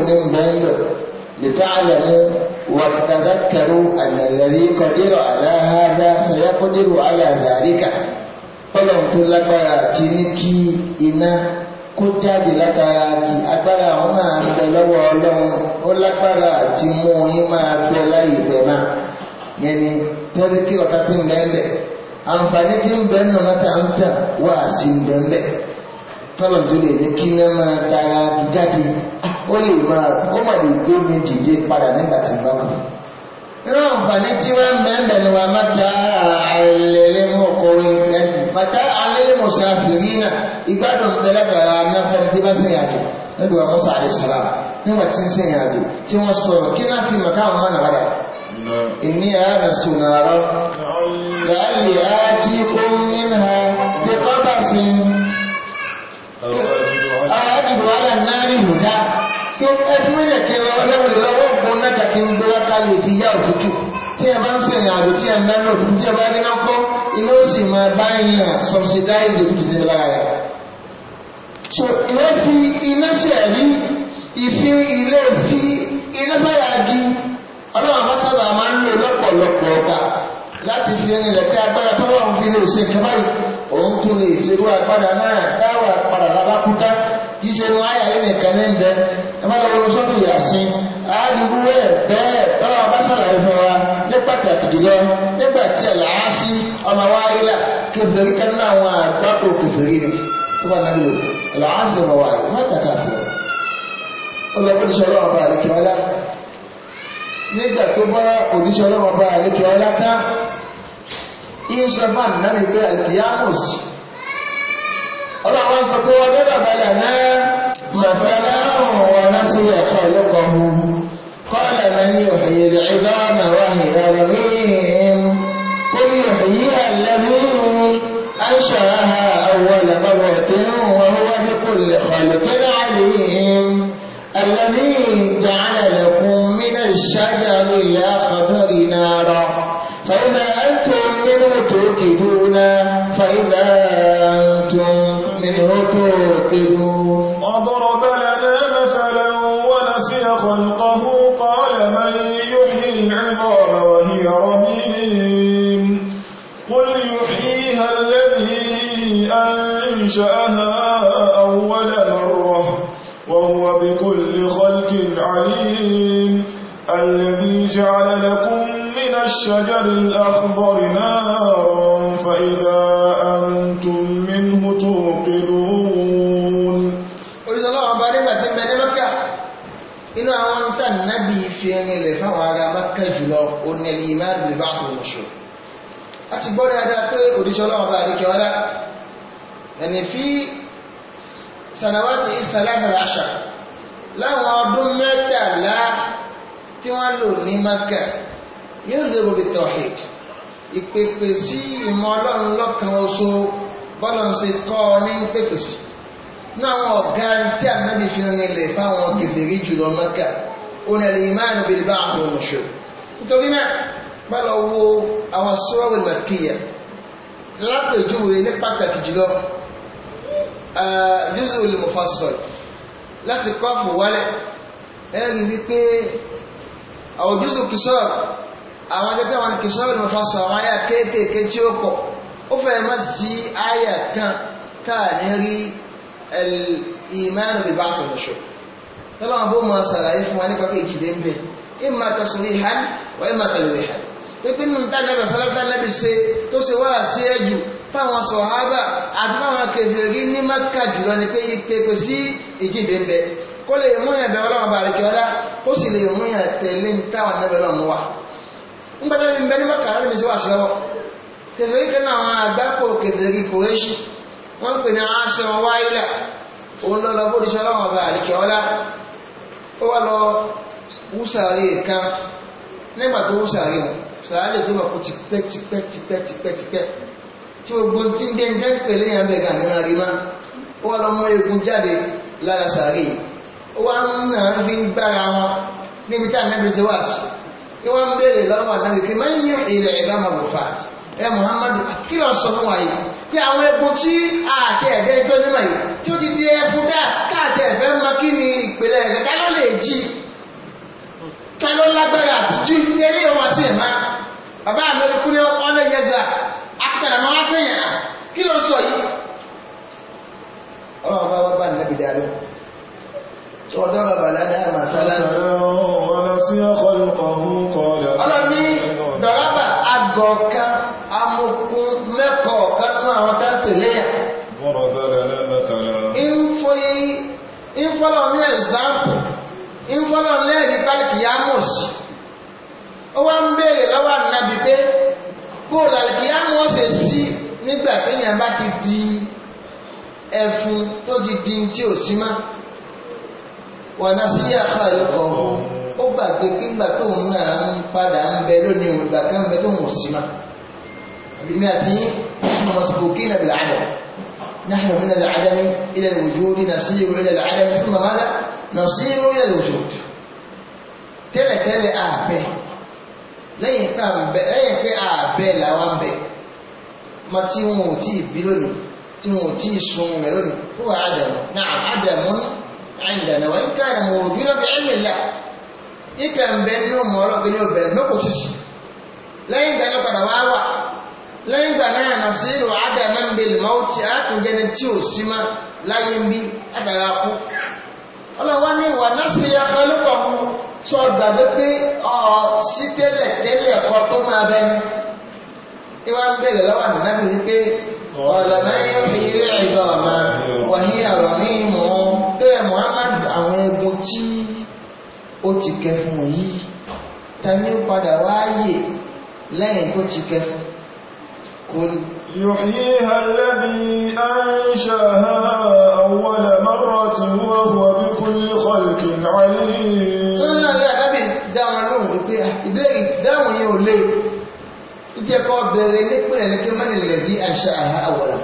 [SPEAKER 1] òní ń لتعلموا وتذكروا أن الذي قدر على هذا سيقدر على ذلك ọlọ́run tó lágbára ti ní kí iná kó jáde látara kí agbára òun náà ń bẹ lọ́wọ́ ọlọ́run ó lágbára àti mú yín máa bẹ láyé bẹ̀ máa yẹn ni tẹ́lẹ̀ kí ọ̀tá ti ń bẹ́ẹ̀ bẹ̀ àǹfààní ti ń bẹ́ẹ̀ nù náà ń tà wá sí ń bẹ́ẹ̀ bẹ́ẹ̀ tọ́lọ̀ tó lè ní kí wọ́n máa tara bí jáde ó ah, lè máa ó mà lè gbé mi dìde padà nígbà tí bá kù. irú àǹfààní tí wọ́n mẹ́mẹ́ ni wàá máa ta àìlẹ́lẹ́ ọkùnrin ẹ̀sìn bàtà alẹ́lẹ́ mùsàfìrí náà ìgbádùn fẹ́lẹ́gbẹ̀rẹ̀ anáfẹ́ bí bá sẹ́yìn àjò nígbà wọn sọ àdé sàlá nígbà tí ń sẹ́yìn àjò tí wọ́n sọ̀rọ̀ kí náà fi màkà àwọn mọ́nà padà. إني آنست نارا لعلي آتيكم منها بقبس ààbìbò aláàrin ìhùdá tí ó ẹfún ilẹ̀ kí lọ lẹ́wọ̀n lọ́wọ́ kan náà kí ń gbé wákà lè fi yá òtútù tí ẹ bá ń sẹ̀yìn àjò tí ẹ mẹ́rin òtútù tí ẹ bá ní náà kọ́ iná ó sì máa bá yìnyà subsidize òtútù tẹ lára so wọ́n fi iná sí ẹ̀rí ìfi ilé fi iná sáyà di ọlọ́run bá sábà máa ń lò lọ́pọ̀lọpọ̀ ọ̀gá láti fi ẹni rẹ̀ pé agbára tó wà ń fi lè ṣe kẹfà yìí òun tún lè ṣerú àpàdà náà dáwọ̀ àpàdà lábákútá kì í ṣe nu àyà yìí nìkan ní ǹdẹ ẹ má lọ́wọ́ sọ́tò yàsín àádìgbò ẹ̀ bẹ́ẹ̀ tọ́lá ọba sàlàyé fún wa ní pàtàkì jùlọ nígbà tí ẹ̀ là á sí ọmọ wa ayélá kẹfìrí kan náà wọn àgbákò kẹfìrí ni tó bá nàá lò ẹ̀ là á sí ọmọ wa ayélá má tàkà fún ọ. ọlọ́pàá ìṣẹ́ ọlọ́run ọba àlekè ọlá nígbà tó bá òdíṣẹ́ ọlọ́run ọba àlekè ọlá tán ìṣẹ́fà nínú pé àìkìyà kò sí ọlọ́run sọ pé wọ́n bẹ́ẹ̀ ọlọ́wọ́ bá àríkẹ́ ọlá ẹni fi sanawati ìsàlámìlá àṣà láwọn ọdún mẹ́tàlá tí wọ́n lò ní maka yóò zèrò bí tọ̀hìd ìpèpè sí ìmọ̀ ọlọ́run lọ́kan oṣù bọ́lọ̀n sí kọ́ ní pèpè sí náwọn ọ̀gá tí ànábì fi rinlẹ̀ fáwọn gèbèrè jùlọ maka onẹ̀lẹ̀ ìmáàlú bí bá àwọn ọmọ nítorí náà bá lọ wo àwọn sọ́rọ̀ màkìyà lápèjúwe ní pàtàkì jùlọ eh, jùsù olùmọ̀fàṣọ̀ láti kọ́fù wálẹ̀ ẹ̀rí wípé àwọn jùsù kìsọ́ àwọn ẹgbẹ́ wọn kìsọ́ olùmọ̀fàṣọ̀ àwọn ayà kéékèèké tí ó kọ̀ ó fẹ́ má sí ayà kan táà ní rí ìmánu bíbá àfẹ̀mọ̀ṣọ́ tọ́lọ́wọ́n bó mọ̀ sàlàyé fún wa nípa pé ìjìdé ń bẹ̀ ìmà tasirihan wa ìmà talwihan pépé nínú tánàbà sálátánàbì ṣe tó ṣe wá sí ẹjù fáwọn sọ̀hábà àti fáwọn kèfèrí ní Mákà jùlọ ni pé ìpèpè sí ìjíǹde ń bẹ kó lè mú yàn bẹ ọlọ́run bá àríkẹ́ ọlá ó sì lè mú yàn tẹ̀lé ní táwọn anábẹ́ wa ńgbàdá ní bẹ ní Mákà rẹ̀ mi sí wà sí lọ́wọ́ kèfèrí kan àwọn àgbákò kèfèrí kòréṣì wọ́n ń pè ní aṣọ wáyílà òun lọ́lọ́ lọ wúsàárì kan nígbà tó wúsàárì sàárè tí wọ́n kó tipẹ́ tipẹ́ tipẹ́ tipẹ́ tipẹ́ tí gbogbo tí ń dé ń jẹ́ pèlè yàn bẹ̀rẹ̀ àníwá rí má ó wá lọ mú egun jáde lára sàárè ó wá ń nà ń fi gbára wọn níbi tí ànábi ṣe wá sí i wọ́n ń béèrè lọ́wọ́ ànábi pé má ń yẹ ilẹ̀ ẹ̀dá máa wò fà ẹ Muhammadu kí lọ sọ fún wa yìí pé àwọn egun tí àti ẹ̀dẹ́ ẹjọ́ nímọ̀ yìí tí ó ti di ẹfun dáa káàtì ẹ̀fẹ́ mọ kí ni ìpìlẹ̀ ẹ̀fẹ́ ká ló lè jí ká ló lágbára àtijọ́ eré wọn sí ẹ̀ máa bàbá mi ò ní kú ní ọlẹ́ yẹza apẹ̀lẹ̀ máa fẹ̀yàn kí ló ń sọ yìí ọlọ́run bá wá bá nínú ibi dáadọ́ وضرب لنا مثلا ونسي خلقه قال ọlọ́run dọ̀rọ̀bà agọ̀ọ̀kan amukun mẹ́kọ̀ọ̀kan nínú àwọn tẹ́tẹ̀lẹ́
[SPEAKER 2] ضرب لنا مثلا
[SPEAKER 1] ìfọ́lọ̀ ní ẹ̀zámpù ìfọ́lọ̀ lẹ́ẹ̀rí ó wá ń béèrè lọ́wọ́ ànábì pé bó làlùkìyà wọn ṣe sí nígbà téèyàn bá ti di ẹfun tó ti di tí ò sí má wọ̀n náà sí àpàlùkọ̀ ó gbàgbé nígbà tó ń náà ń padà ń bẹ lónìí òun ìgbà kan bẹ tó ń sí má àbíní àti mọ̀sùlùkì náà bìlà àdà نحن من العدم إلى الوجود نصير إلى العدم ثم ماذا نصير إلى الوجود تلا تلا آبه lẹ́yìn pé àbẹ́ làwọn bẹ̀ ma tí wọn ò tí ìbí lónìí tí wọn ò tí ìsun rẹ̀ lónìí fún àdàmù náà àdàmù àìdànà wọn ká ẹ̀mù òbí lọ́bẹ̀ ẹ̀yẹ̀ là ìkà ń bẹ ní ọmọ ọlọ́bẹ̀ ní ọbẹ̀ lókò sísì lẹ́yìn ìgbà náà padà wá wà lẹ́yìn ìgbà náà nà sí ìrò àdàmù ń bèèrè máa ó ti àtúnjẹni tí ò sí má láyé ń bí àdàrà kú ọlọ́wọ́ ní ìwà náà sí sọ gbàgbé pé ọ sí tẹ́lẹ̀ tẹ́lẹ̀ kọ tó máa bẹ ìwà ń bèrè lọ́wọ́ ànábì wípé ọ̀là mẹ́rin fi ilé ẹ̀dọ̀ ọ̀mà wàhí àrọ̀ ní ìmọ̀ bẹ́ẹ̀ Muhammad àwọn egun tí ó ti kẹfùn yìí ta ni ó padà wáyè lẹ́yìn tó ti kẹfùn قل
[SPEAKER 2] يحييها الذي أنشاها أول
[SPEAKER 1] مرة وهو بكل خلق عليم ìjẹ́kọ́ bẹ̀rẹ̀ nípìnlẹ̀ ní kí mẹ́rin lè di àṣà àhá àwọ̀lá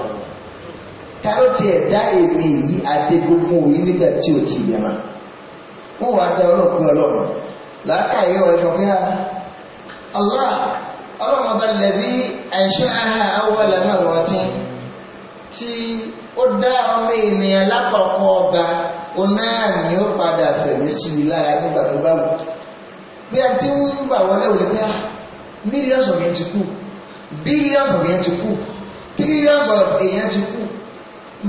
[SPEAKER 1] ta ló ti ẹ̀dá èmi èyí àtẹ́gbogbo òyí nígbà tí ò ti yẹ máa wọ́n wá dá ọlọ́pẹ́ ọlọ́run làákàyè ọ̀rẹ́ sọ pé Allah ọlọ́run ọba lẹ́bí àìṣẹ́ àhà awọ́lẹ̀ náà rántí tí ó dá ọmọ ènìyàn lápapọ̀ ọba ó náà ní ó padà fẹ̀mí sí i lára nígbà tó bá wù bí a ti ń bà wọlé wò pé ah, millions of yẹn ti kú billions of yẹn ti kú trillions of èèyàn ti kú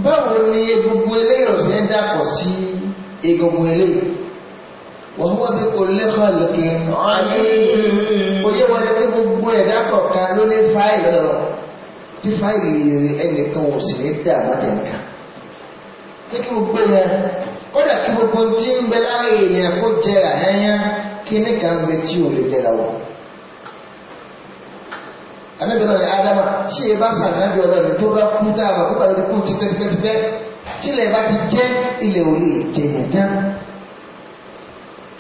[SPEAKER 1] báwo ni egungun eléyìí ọ̀sẹ̀ dàpọ̀ sí egungun eléyìí wọ́wọ́ bí kò lẹ́kọ̀ọ́ lókè ọ̀ní oyé wọlé pé gbogbo ẹ̀dá kọ̀ọ̀kan ló ní fáìlì ọ̀rọ̀ tí fáìlì ẹnìkan ò sì ní dà látẹ̀nìkan pé kí gbogbo yẹn kódà kí gbogbo tí ń bẹ láàyè èèyàn kó jẹ àyányá kí nìkan bẹ tí ò lè jẹra wọn. anábìrán ni adama tí e bá sàn náà bí ọlọ́run tó bá kú dáa kó bá yẹ kó tipẹ́tipẹ́tipẹ́ tí ilẹ̀ bá ti jẹ́ ilẹ̀ ò lè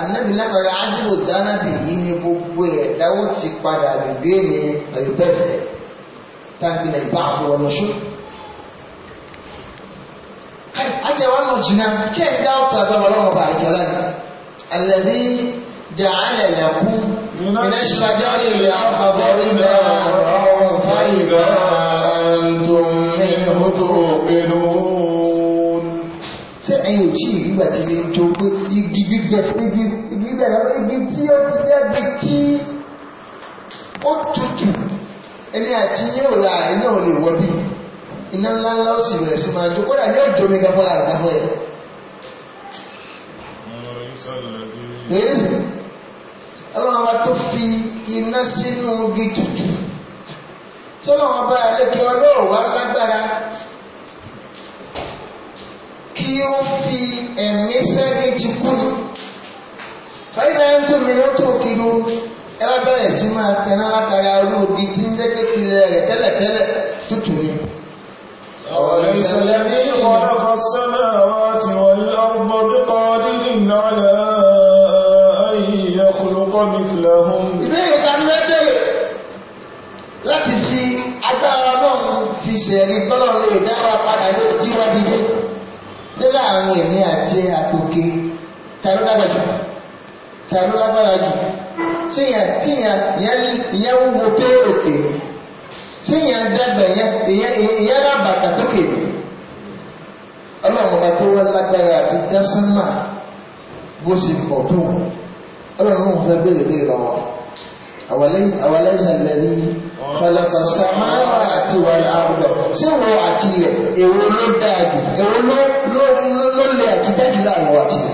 [SPEAKER 1] ànábì lẹ́kọ̀ọ́ rẹ̀ ájúbò dánábì yìí ni gbogbo ẹ̀ dáwó ti padà dìde ní ọ̀yọ̀bẹ̀fẹ̀ tábí nà ìbá àti wọn ṣú. àti àwọn ọmọ jìnnà kí ẹ̀ dá ọ̀tọ̀ àgbàwọ̀ lọ́wọ́ bá àjọlá ni àlẹ́dí jà álẹ̀ lẹ́kú iná ṣàjọ́ ṣé ẹ̀yin ò tí ì rígbà tí ilé ń tó pé igi gbígbẹ igi gbígbẹ lọ igi tí ó ti jẹ́ bí kí ó tutù ẹni àti yóò ra iná ò lè wọ bí iná ńlá ńlá ó sì bẹ̀rẹ̀ sí máa jó kódà yóò jó mi gafọ́ lára gafọ́ yẹn. ọlọ́run wa tó fi iná sínú igi tutù sọ́lọ́run ọba àlekè ọlọ́run wa lágbára kí ó fi ẹ̀mí sẹ́ni ti kú ni. fàyídà ẹ̀ tó mi ló tó bẹ̀rẹ̀ sí máa tẹná látara orú òbí tí ń dẹ́gbẹ́ kiri rẹ̀ tẹ́lẹ̀tẹ́lẹ̀ tútù ni. أوليس الذي خلق السماوات والأرض بقادر
[SPEAKER 2] على أن يخلق مثلهم
[SPEAKER 1] láti fi agbára náà fi ṣẹ̀rí tọ́lọ́run lè dára padà ló jíwájú ní láàrin èmi àti àtòkè tàbí lágbàjù tàbí lágbàrá jù tí ìyẹn wúwo pé òkè tí ìyẹn dàgbà ìyẹn rábàtà tókè ọlọ́run ọba tó wá lágbára àti dásánmà bó ṣe pọ̀ tó ọlọ́run ọ̀hún fẹ́ bẹ́ẹ̀ bẹ́ẹ̀ lọ́wọ́. أوليس الذي خلص السماوات والأرض سوى عتيه إولو داجي إولو لو لو لاتي داجي لا يواتيه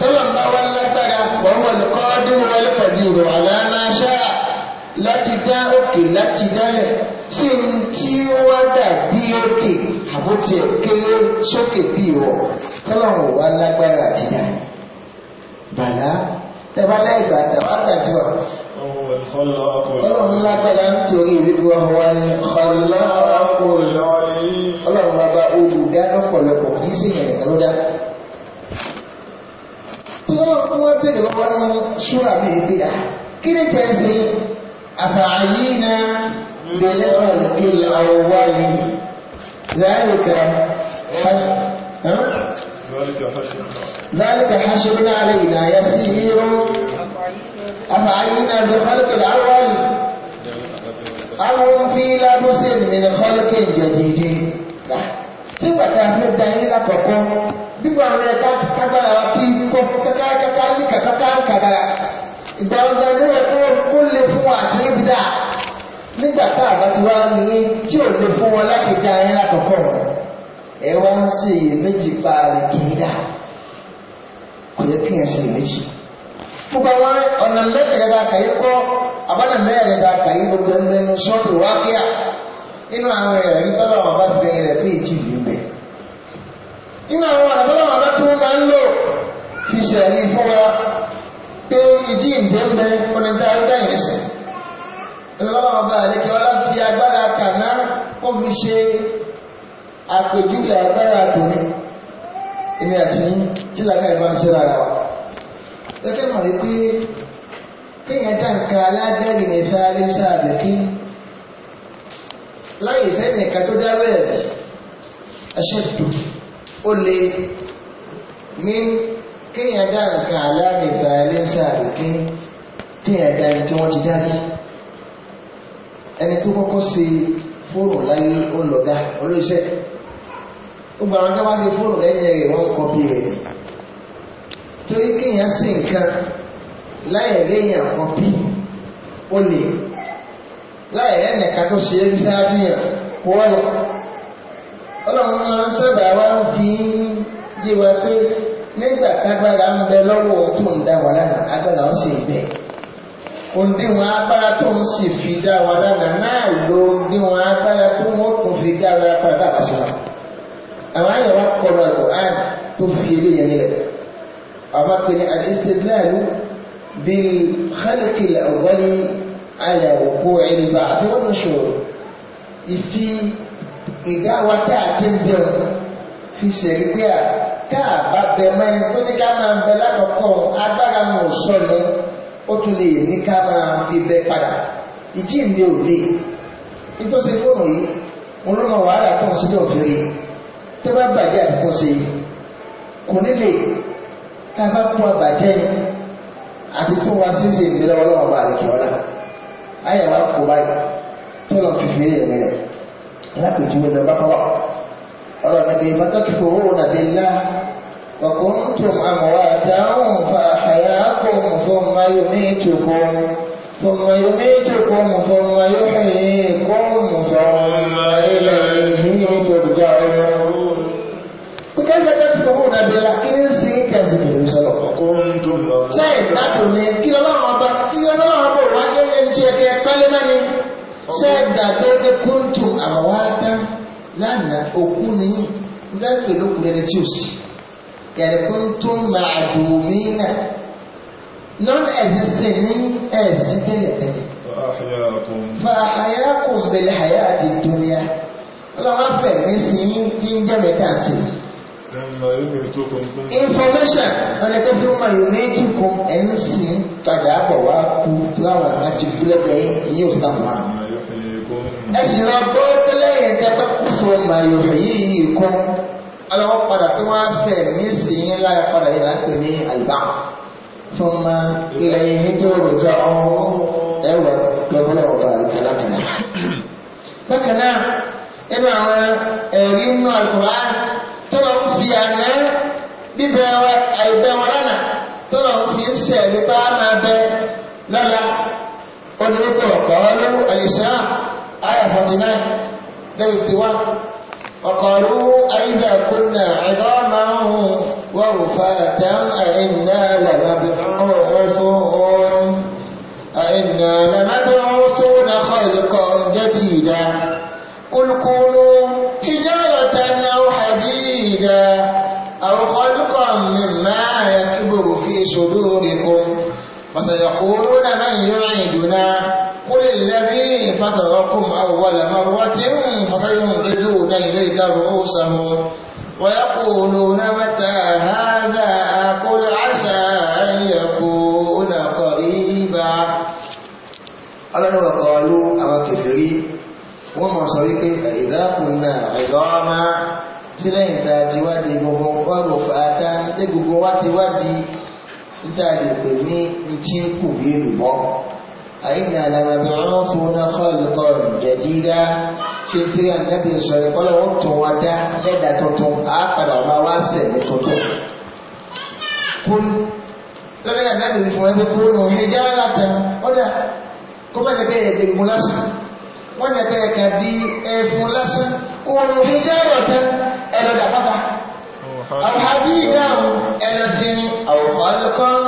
[SPEAKER 1] تلم أولا ترى وهو القادر والقدير على ما شاء láti dá لا láti dálẹ̀ tí n tí ó wá dàbí òkè àbótí ẹ̀ kéré sókè bí ìwọ̀ tọ́lọ́run wà lágbára àti dáa bàlá tẹ́bá láìgbà tàbátà tí wà. ọlọ́run lágbára nítorí ìrírí ọmọ wa ní ọlọ́run bàbá olùdá lọ́pọ̀lọpọ̀ kì í sì yẹn ló dá. ọlọ́run tí wọ́n bèèrè lọ́wọ́ ní ṣúra mi bí dá kí ni tẹ́ ń àfààyè náà bẹ̀rẹ̀ ọ̀rọ̀ kí lọ́wọ́ wa ní. láyé kan. ذلك حشر علينا يسير
[SPEAKER 3] أفعينا بخلق الأول أو في لبس من خلق جديد
[SPEAKER 1] sígbà tí a fẹ́ da yín lákọ̀ọ́kọ́ bíbọ̀ àwọn ẹ̀ka kágbára wa kí kọ́ kákákáká ní kàkákákàdà ìgbà ọjà ló yẹ kó kó lè fún wa àti níbi dà nígbà tá a bá ti wá ní tí ò lè fún wọn láti da yín lákọ̀ọ́kọ́ rẹ̀. ẹ wá ń ṣe iyèméjì pa rẹ̀ kò yẹ kí ẹ ṣe iyèméjì. gbogbo àwọn ọ̀nà mẹ́tẹ̀ẹ̀dá kàyé kọ́ abọ́nà mẹ́tẹ̀ẹ̀dá kàyé gbogbo ẹgbẹ́ ní sọ́ọ̀tù àwọn ọba fi rẹ̀ pé ìjì ìlú mẹ́. nínú àwọn ọ̀nà ọba tó máa ń lò fi fún wa pé ìjì ìdẹ́mbẹ́ yẹn sẹ̀. àlekẹ́ àpèjúwe agbára àtòrin èmi àti ní kílàkà ìbánisẹ́ ara wa gẹ́gẹ́ mọ̀ wípé kéèyàn dá nǹkan aládẹ́rìn ní sáré sáàbẹ̀ kí láyé sẹ́yìn nǹkan tó dáró ẹ̀bẹ̀ aṣẹ́dù ó lè ní kéèyàn dá nǹkan aládẹ́rìn sáré sáàbẹ̀ kí kéèyàn dá ẹni tí wọ́n ti dárí ẹni tó kọ́kọ́ ṣe fóònù láyé ó lọ̀gá olóṣèlú gbogbo àwọn tó bá di fóònù lẹ́yìn rẹ̀ wọ́n kọ́ bí rẹ̀ torí kéèyàn sí nǹkan láì léèyàn kọ́ bí ó lè láì ẹ̀yàn kan tó ṣe é ní sáfihàn kó wọ́n lọ ọlọ́run máa ń sábà wá ń fi yé wa pé nígbà tágbára ń bẹ lọ́wọ́ tó ń dá wa lára agbára ó sì ń bẹ òǹdíwọ̀n agbára tó ń sì fi dá wa lára náà lo òǹdíwọ̀n agbára tó ń wọ́n tún fi dá wa lára padà wá sí wa àwọn àyàn wa kọlu alukur'an tó fi ilé yẹn nílẹ̀ àwọn akpẹni alistidlalu bil khalqi al-awwali ala wuqu'i al-ba'thi wa nushur ìfi ìdáwà tá a ti ń bẹ ọ fi ṣèrí pé à tá a bá bẹ mẹ́rin tó ní ká máa bẹ lákọ̀ọ́kọ́ agbára mi ò sọ ni ó tún lè ní ká máa fi bẹ padà ìjí òde nítòsí fóònù yìí mo ló wàhálà kan síbẹ̀ òfin tó bá bàjẹ́ àdúgbò ṣe kò nílé tá a bá kó àbàjẹ́ àti tó wá ṣíṣe ìgbéra ọlọ́wọ́ bá rẹ̀ kí ọ́lá ayé wa kó báyìí tó lọ fìfì yẹn rẹ̀ lápèjúwe lọ bá kọ́wọ́ ọ̀rọ̀ nàbí mọ́tọ́kì fowó nàbí ńlá وكنتم أمواتا فأحياكم ثم يميتكم ثم يميتكم ثم يحييكم ثم إليه ترجعون كيف تكفرون بالعكس كذب كنتم شيء تكون كلا الله أبا كلا الله أبا وكلا يجيك كلمني شيء تكون كنتم أمواتا لأن أكوني ذلك لكم kẹ̀rẹ̀ kuntum ma'dumina non-existent ní ẹ̀sí tẹ́lẹ̀tẹ́lẹ̀ fàáyàkùn bẹ̀lẹ̀ àyà àti dúnìyà ọlọ́wọ́ fẹ̀mí sí tí ń jẹ́ mẹ́ta sí i information ọ̀nà pé fún ma yóò méjì kan ẹni sì ń padà àbọ̀ wá kú láwọn àti bílẹ̀bẹ̀ yìí ò sábà.
[SPEAKER 2] ẹ̀sìn náà gbọ́
[SPEAKER 1] pẹ́lẹ́ yẹn tẹ́ pẹ́ kú fún ma yóò fẹ́ yìí yìí kan ọlọ́wọ́ padà tó wá fẹ́ ní sì ń lára padà yìí láti pè ní àlùbá fún ma ilẹ̀ yìí tó rọjò ẹwà lọ́wọ́ ọba alákàlà. bákan náà nínú àwọn ẹ̀rí nínú àlùkò tó lọ ń fi àná bíbẹ àìbẹ wọn lánàá tó lọ ń fi ṣe ẹ̀mí bá máa bẹ lọ́la onígbò ọ̀kọ́ọ́lú àlìsàn àyà forty nine lẹ́yìn fifty one ọ̀kọ́ọ́lú àyíjà kúnnà ẹ̀dọ́ máa ń hù wọ́n rò fa ẹ̀tẹ́ àìnà làbàbí ọ̀rọ̀ fún òun fún òun àkọ́ ìlú kan jẹ́ ti ìdá kúlùkúlù ìjọ́ تجديدا أو خلقا مما يكبر في صدوركم وسيقولون من يعيدنا قل الذي فطركم أول مرة فسينقذون إليك رؤوسهم ويقولون متى هذا قل عسى أن يكون قريبا ألا وقالوا ọlú àwọn وما wọ́n mọ̀ كنا عظاما tí lẹ́yìn tá a ti wádìí gbogbo ọrùn fàátá tí gbogbo wá ti wádìí níta lè pè ní etí kù bí èlùbọ́. àyìnbí àlàmà bí wọ́n fún náà kọ́ ìlúkọ́ ìjẹ̀dídá ṣe pé ànábì sọ ìkọ́lọ̀ ó tún wá dá lẹ́dà tuntun á padà máa wá sẹ̀mí tuntun. kúl lọ́dọ̀ ànábì fún ẹgbẹ́ kúrò nù ẹjẹ́ aláta ọ̀dà kọ́mọ̀nẹ́bẹ̀ẹ́ ẹ̀dẹ̀ mú lásán wọ́n nẹ̀bẹ̀ẹ́ kà di ẹ̀fún lásán. كونوا حجارة إلى دفتا أو حديدا إلى دين أو خلقا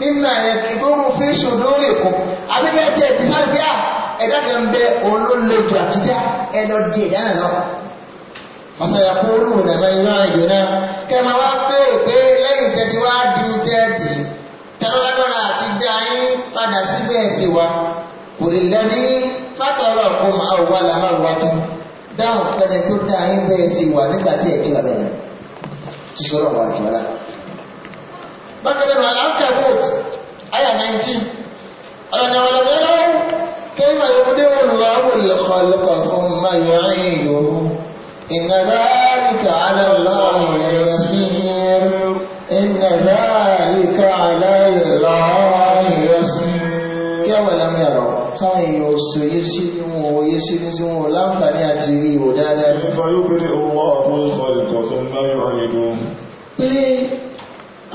[SPEAKER 1] مما يكبر في صدوركم أبدا تبسر بها إذا كان بأولو لجواتي إلى دين فسيقولون من يعيدنا كما وقت في لين تتوى دين تأتي ترغبنا تدعي فنسبه سوى قل الذي فطركم أول مرة dáhùn fẹ́rẹ̀ tó dá yín bẹ́ẹ̀ sì wà nígbà tí ẹ̀ ti wà bẹ́ẹ̀ ti sọ̀rọ̀ wà jù ọ́lá. bákan náà àlàáfíà vote àyà 19 ọ̀nà ọ̀lọ́dẹ́ náà kéwà ìwúdé olùwà olùkọ́ lọ́kọ̀ fún mayọ̀ ayé yòó ìnà dáríkà alẹ́ lọ́rùn ẹ̀sìn ìnà dáríkà alẹ́ sì rí sí ní wọn òye sí ní sí wọn láǹfààní àti rí ìwò dáadáa. nípa yóò pé owó ọ̀pọ̀ ìkọ̀ ìkọ̀ tó ń báyọ̀ àyẹ̀dọ̀. pé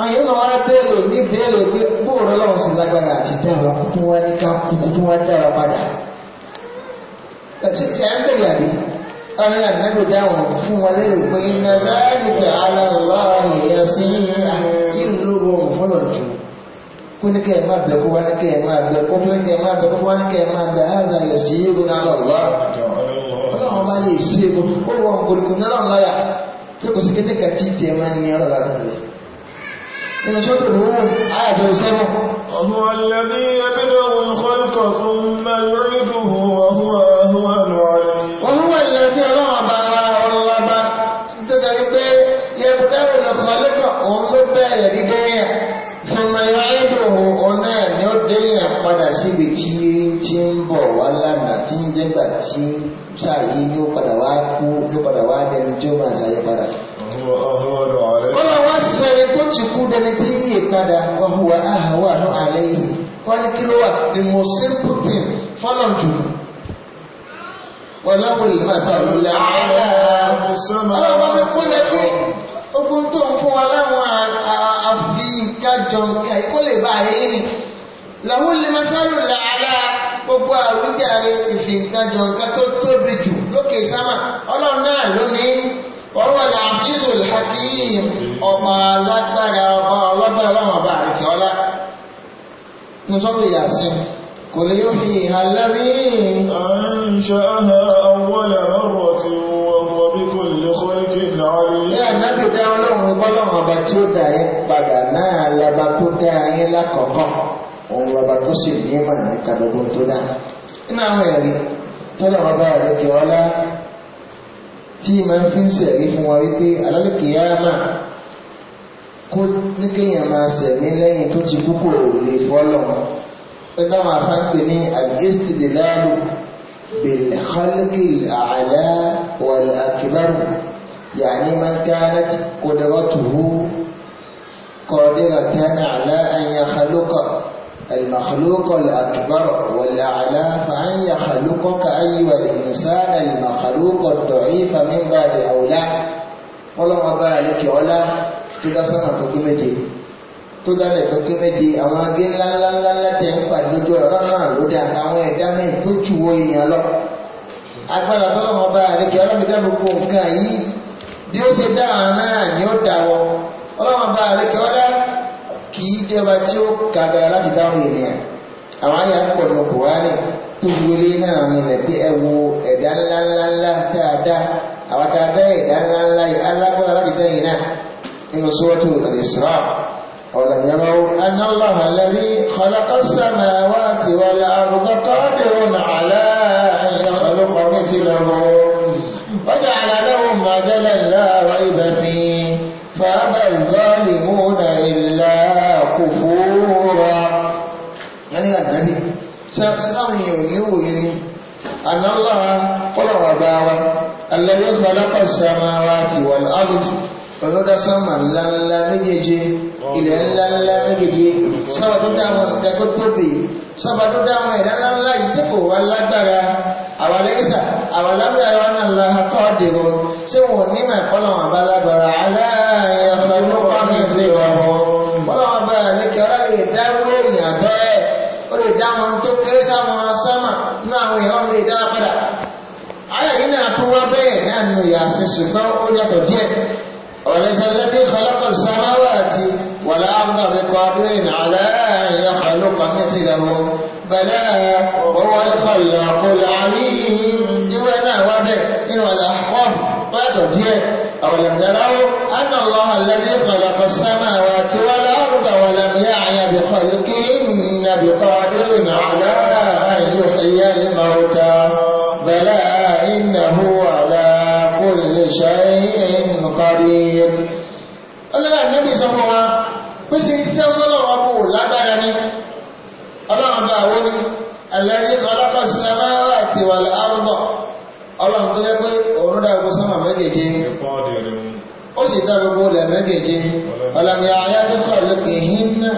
[SPEAKER 1] àyẹ̀ máa wá bẹ̀rù ní bẹ̀rù pé bóòrò lọ́wọ́ sí lágbára àti dára kúkú wá ní ká kúkú tó wá dára padà. ẹ̀sìn tí a ń bẹ̀rẹ̀ àbí àwọn àgbẹ̀rù dáhùn fún wọn lérò pé iná láàrín kó ní kẹ́ ẹ̀ máa bẹ̀ kó wá ní kẹ́ ẹ̀ máa bẹ̀ kó ní kẹ́ ẹ̀ máa bẹ̀ kó wá ní kẹ́ ẹ̀ máa bẹ̀ ẹ̀rọ ẹ̀ sí ewu náà lọ́wọ́ ọlọ́run bá lè sí ewu ó wọ ògùnkùn náà lọ́run láyà tí kò sí kété kàtí tiẹ̀ máa ní ọ̀rọ̀ lágbàdo rẹ̀. إن شكر الروم عاد يسمع هو الذي يبدأ الخلق
[SPEAKER 2] ثم يعيده وهو أهون عليه
[SPEAKER 1] nígbà tí sáà yìí ní ó padà wá kú ló padà wá dẹni tí ó máa ṣàyẹ padà. ọlọ́run wá sẹ́ni tó ti kú dẹni tí yíyẹ padà wọ́n wà áhàwà alẹ́ yìí wọ́n ní kí ló wà the most simple thing fọ́lọ̀ jù wọ́n láwọn ìlú àti àlùlá. ọlọ́run wá fẹ́ kó lẹ́ pé ogun tó ń fún wa láwọn àfi kájọ nǹkan ìkólè bá a rí ni làwọn olè máa fẹ́ràn làálàá gbogbo àwíjàre ìfìǹkanjọ nǹkan tó tóbi jù lókè sámà ọlọ́run náà ló ní ọlọ́wọ́lá àṣíṣò hakim ọmọ alágbára ọmọ ọlọ́gbọ́n ọlọ́run ọba àríkẹ́ ọlá mo sọ pé yàsín kò lè
[SPEAKER 2] yóò fi ìhà lẹ́rí àǹṣà ọwọ́lẹ̀ rọ̀rọ̀ tí wọ́n bí kò lè kọ́ ike láàrin. ní ànábìdá ọlọ́run bọ́lọ́run ọba tí ó dà yín padà náà lọba tó
[SPEAKER 1] dá yín lákọ̀ọ́kọ́ òun lọ́ba tó sì ní mà nípa gbogbo tó dá nínú àwọn ẹ̀rí tọ́lá wọn bá rẹ̀ kí ọlá tí máa fi ń sẹ̀rí fún wọn wípé alálùkì yá máa kó ní kéèyàn máa sẹ̀mí lẹ́yìn tó ti kúkú lè fọ́lọ̀ pé táwọn afáǹpẹ̀ ní àdéhìsìdìláàlù bìlẹ̀kọ́lùkì àlá wàlẹ̀ àkìbárù yàní máa ń kánát kó dẹ́wọ́ tùhú kọ́ dẹ́wọ́ tán àlá àyàkálùkọ̀. المخلوق الأكبر والأعلى فأن يخلقك أيها الإنسان المخلوق الضعيف من باب أولى ọlọ́run ọba àlékè ọlá tó dá sọ́nà tó kí méje tó dálẹ̀ tó kí méje àwọn agé ńláńláńlá tẹ̀ ń pàdé lójú ọ̀rọ̀ náà ló dà àwọn ẹ̀dá mẹ́rin tó jù wọ èèyàn lọ. agbára tọ́lọ́run ọba àlékè ọlọ́run dá gbogbo nǹkan yìí bí ó ṣe dá àwọn náà ni ó dà wọ ọlọ́run ọba àlékè ọlá jẹ́ ọba tí ó kàgbà láti dáhùn ènìyàn àwọn àyà ń pọ̀nù kùránì tó wọlé náà ní ilẹ̀ bí ẹ wo ẹ̀dá ńláńláńlá dáadáa àwọn dáadáa ẹ̀dá ńláńlá yìí alágbára láti dá náà nínú sọ́wọ́tò ìsra ọ̀làm yẹmọ́wó análáhà lẹ́rí kọlákọ́sàmà wá ti wà láàrúgbọ́ kọ́dẹ̀rọ̀ nàálà ẹ̀yìn mi ti lọ́wọ́ wọ́n jẹ́ àlàlẹ́wò màgẹ́lẹ̀ ńlá àwọn ìbẹ̀fín táwọn èèyàn yóò wòye ni àlọ́lá fọ́lọ̀rọ̀ bá wa alẹ́yọ́ gbalápà sámáwá ti wà láàrùtù ọlọ́dá sámà ńláńlá méjèèjì ilẹ̀ ńláńlá méjèèjì sábà tó dáwọn ẹ̀dá tó tóbi sábà tó dáwọn ẹ̀dá ńláńlá yìí ọ̀rọ̀ lè
[SPEAKER 3] dá wọn tó kéré
[SPEAKER 1] sáwọn sọ́mà ní àwọn èèyàn lè dá padà ayọ̀ yìí náà tún wá bẹ́ẹ̀ náà ní òyà sí ṣùgbọ́n ó yàtọ̀ díẹ̀ ọ̀rẹ́sẹ̀ lẹ́bí kọlọ́kọ̀ sámáwá àti wàlá àwọn àbẹ̀kọ adúlẹ̀yìn àlẹ́ àyà kọlọ́kọ̀ mẹ́tì lẹ́wọ́ bẹ̀lẹ́ ọwọ́ ìkọlọ̀ àkọlọ̀ àríyìn ìwé náà wá bẹ́ẹ̀ nínú ọ̀là pọ́ọ̀n pẹ́ẹ̀tọ̀ díẹ̀ أولم يروا أن الله الذي خلق السماوات والأرض ولم يعي بخلقهن يستمرون على أن يحيي الموتى بلى إنه على كل شيء قدير ọlọ́lá ìnáwó ìsọmọ wa ó sì ń tí ó sọ́lọ̀ wa kò lágbára ní ọlọ́run bá wọ́n ní alẹ́rí ọlọ́pàá sinamá àti wà láàrúbọ̀ ọlọ́run tó yẹ pé òun dá gbogbo sọ́mọ̀ méjèèjì ní ó sì dá gbogbo ilẹ̀ méjèèjì ọlọ́run yà á yá tó kọ̀ lókè yìí náà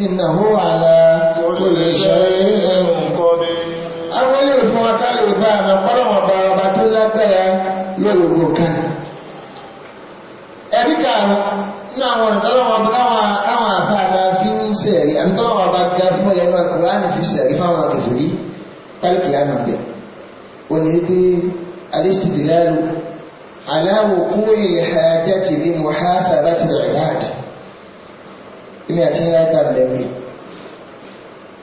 [SPEAKER 1] إنه على كل شيء قدير àwọn ilé ìfún wa káyọ̀ ìgbà àmà ọlọ́wọ́ ọba ọba tó lágbára lórí gbogbo kan ẹ̀rí kààrọ̀ ní àwọn ìtọ́lọ́wọ́ ọba káwọn àfáàdá fi ń sẹ̀rí àbí tọ́lọ́wọ́ ọba ga fún ẹ̀yẹ́ náà kùránì fi sẹ̀rí fáwọn àkèfèrí pálíkì àmà bẹ̀ ó ní pé alẹ́sìtìláàlú aláwọ̀ kúrò ilẹ̀ àjẹ́ tìrí mọ̀hásà bá ti rẹ̀ dáadáa èmi àti ńlá ìta rẹ̀ lẹ́gbẹ̀ẹ́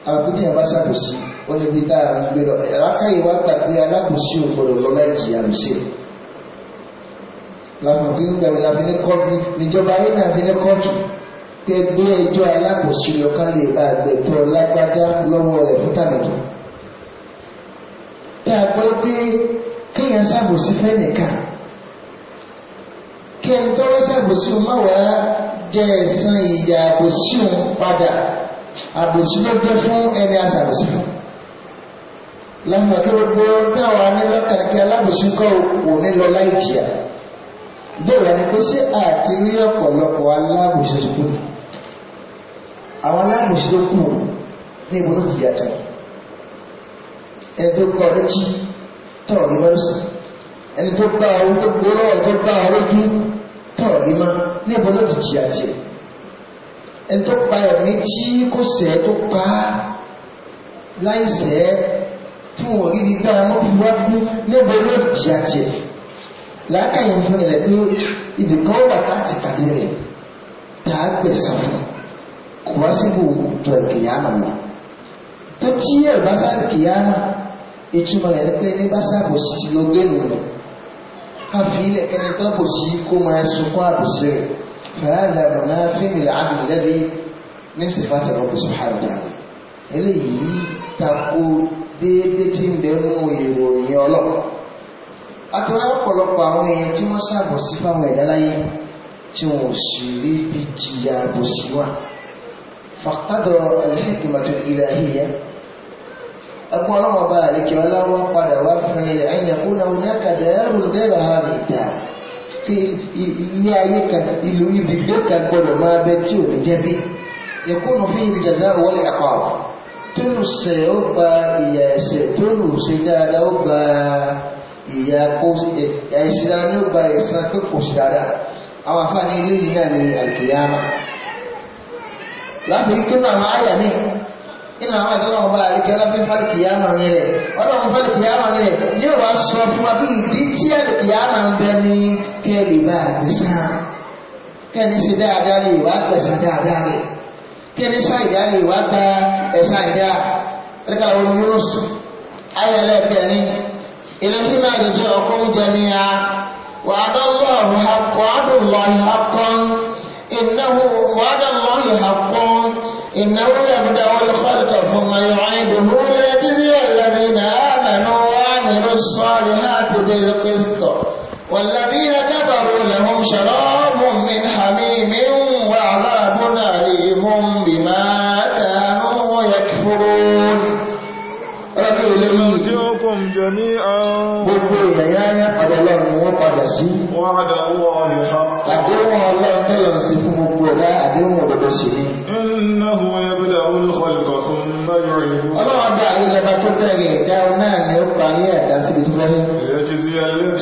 [SPEAKER 1] àwọn kìtì yẹn bá ṣàkóso ó ní bí tá a gbé lọ látàyè wá tàbí alákòóso ògbòdò lọ́lá ìjìyà ló ṣe làwọn kìtì yẹn bẹ̀rẹ̀ láfi ní kọ́ọ̀tù níjọba ayé náà fi ní kọ́ọ̀tù tẹgbẹ́ ẹjọ́ alákòóso lọ́kàn lè bá àgbẹ̀tọ̀ lágbájá lọ́wọ́ rẹ̀ fún tàbẹ̀tọ̀ tí a gbọ́ pé kéèyàn ṣàbòsí fẹ́ nìkan kí ẹni tọ́wọ́ ṣàbòsí ọmọ wàá jẹ ẹ̀san ìyà àbòsí òun padà àbòsí ló jẹ́ fún ẹni àṣàbòsí fún lẹ́yìn gbogbo dáwà ní lọ́kàkẹ́ alábòsí kọ́ òkú nílọ láì jìyà bẹ́ẹ̀ ni kó sí àti rí ọ̀pọ̀lọpọ̀ alábòsí tó kù àwọn alábòsí tó kù ní ìbò lóòtù yàtọ̀ ẹni tó kọ́ létí tọ̀ ní mọ́lẹ́sì ẹni tó bá ọ̀rọ̀ tó gbọ́ lọ́wọ́ tó bá tọ̀ ní mọ́lẹ́sì ní ìbọn ló ti jìyà jẹ ẹni tó pa ẹ̀mí tí kò sẹ́ tó pa láìsẹ́ tí wọ́n rí ní dára mọ́ fi wá fún ní ìbọn ló ti jìyà jẹ láàkàyè fún ẹ̀rẹ̀ pé ibìkan bàtà ti pàdé rẹ̀ tá a gbẹ̀sán fún kò wá síbò tó ẹ̀kẹ̀yà màmá tó tí ẹ̀rọ bá sáré kìyàmà ìtumọ̀ rẹ̀ pé ní bá sábò sí ti lọ gbẹ́nu rẹ̀ قبيلة كان تبوسيكو ما يسوكوا بسير فهذا مناف للعبد الذي من صفات الرب سبحانه وتعالى eléyìí tako déédé tí ń bẹ nínú ìròyìn ọlọ́run àti wáyé ọ̀pọ̀lọpọ̀ àwọn èèyàn tí wọ́n ṣàbòsí fáwọn ẹ̀dá láyé tí wọn ò sì rí bí jìyà àbòsí wà fàkádọ̀ al-hikmatul ilahiyya ẹkún ọlọ́wọ́ bá àríkè ọlọ́wọ́ padà wá fún ilẹ̀ ẹ̀yìn ẹ̀kún náà ní àkàdé ẹ̀rù bẹ́ẹ̀rẹ̀ ha lè dà kí ilé ayé kan ìlú ibi gbé kan gbọdọ̀ máa bẹ tí ò ní jẹ́bi ẹkún òfin ìdíjàdá wọlé ẹ̀kọ́ tó lù sẹ̀ ó gba ìyà ẹ̀sẹ̀ tó lù sẹ̀ dáadáa ó gba ìyà kó ẹ̀sìn ó gba ẹ̀sán tó kò sí dáadáa àwọn afáàní ilé yìí náà ní àlùkìyàmà láti ikú náà máa ní nínú àwọn ìtọ́lọ́ ọba àríkẹ́ ọlọ́fẹ́ fàlìkìyàmà rẹ̀ ọlọ́run fàlìkìyàmà rẹ̀ yóò wá sọ fún wa bí ìdí tí àlìkìyàmà ń bẹ ní kẹ́lì bá àgbẹ̀sá kẹ́ni sí dáadáa lè wá gbẹ̀sá dáadáa rẹ̀ kẹ́ni sáìdá lè wá gba ẹ̀sá ìdá ẹ̀ka òun Yunus ayẹlẹ kẹrin ìlẹ́fínà ìdíjẹ́ ọkùnrin jẹni a wàdà lọ́ọ̀hún wàdùlọ́ọ̀hún akọ́n ìnáwó wàdà lọ́ọ̀hún akọ́n ìnáwó ثم يعيده ليبلي الذين آمنوا وعملوا الصالحات بالقسط والذين كفروا لهم شراب من حميم وعذاب أليم بما كانوا يكفرون ينجوكم جميعا gbogbo ìrẹ̀yà ọ̀dọ̀lọ́ ni wọ́n padà sí wọ́n àdá wọ́n àdéhùn ọlọ́run tẹ́lẹ̀ sí إنه يبدأ الخلق ثم ọlọ́run dá àwọn ìjọba tó bẹ̀rẹ̀ ìdáhùn náà ni ó parí ẹ̀dá síbi tó fẹ́ ọlọ́run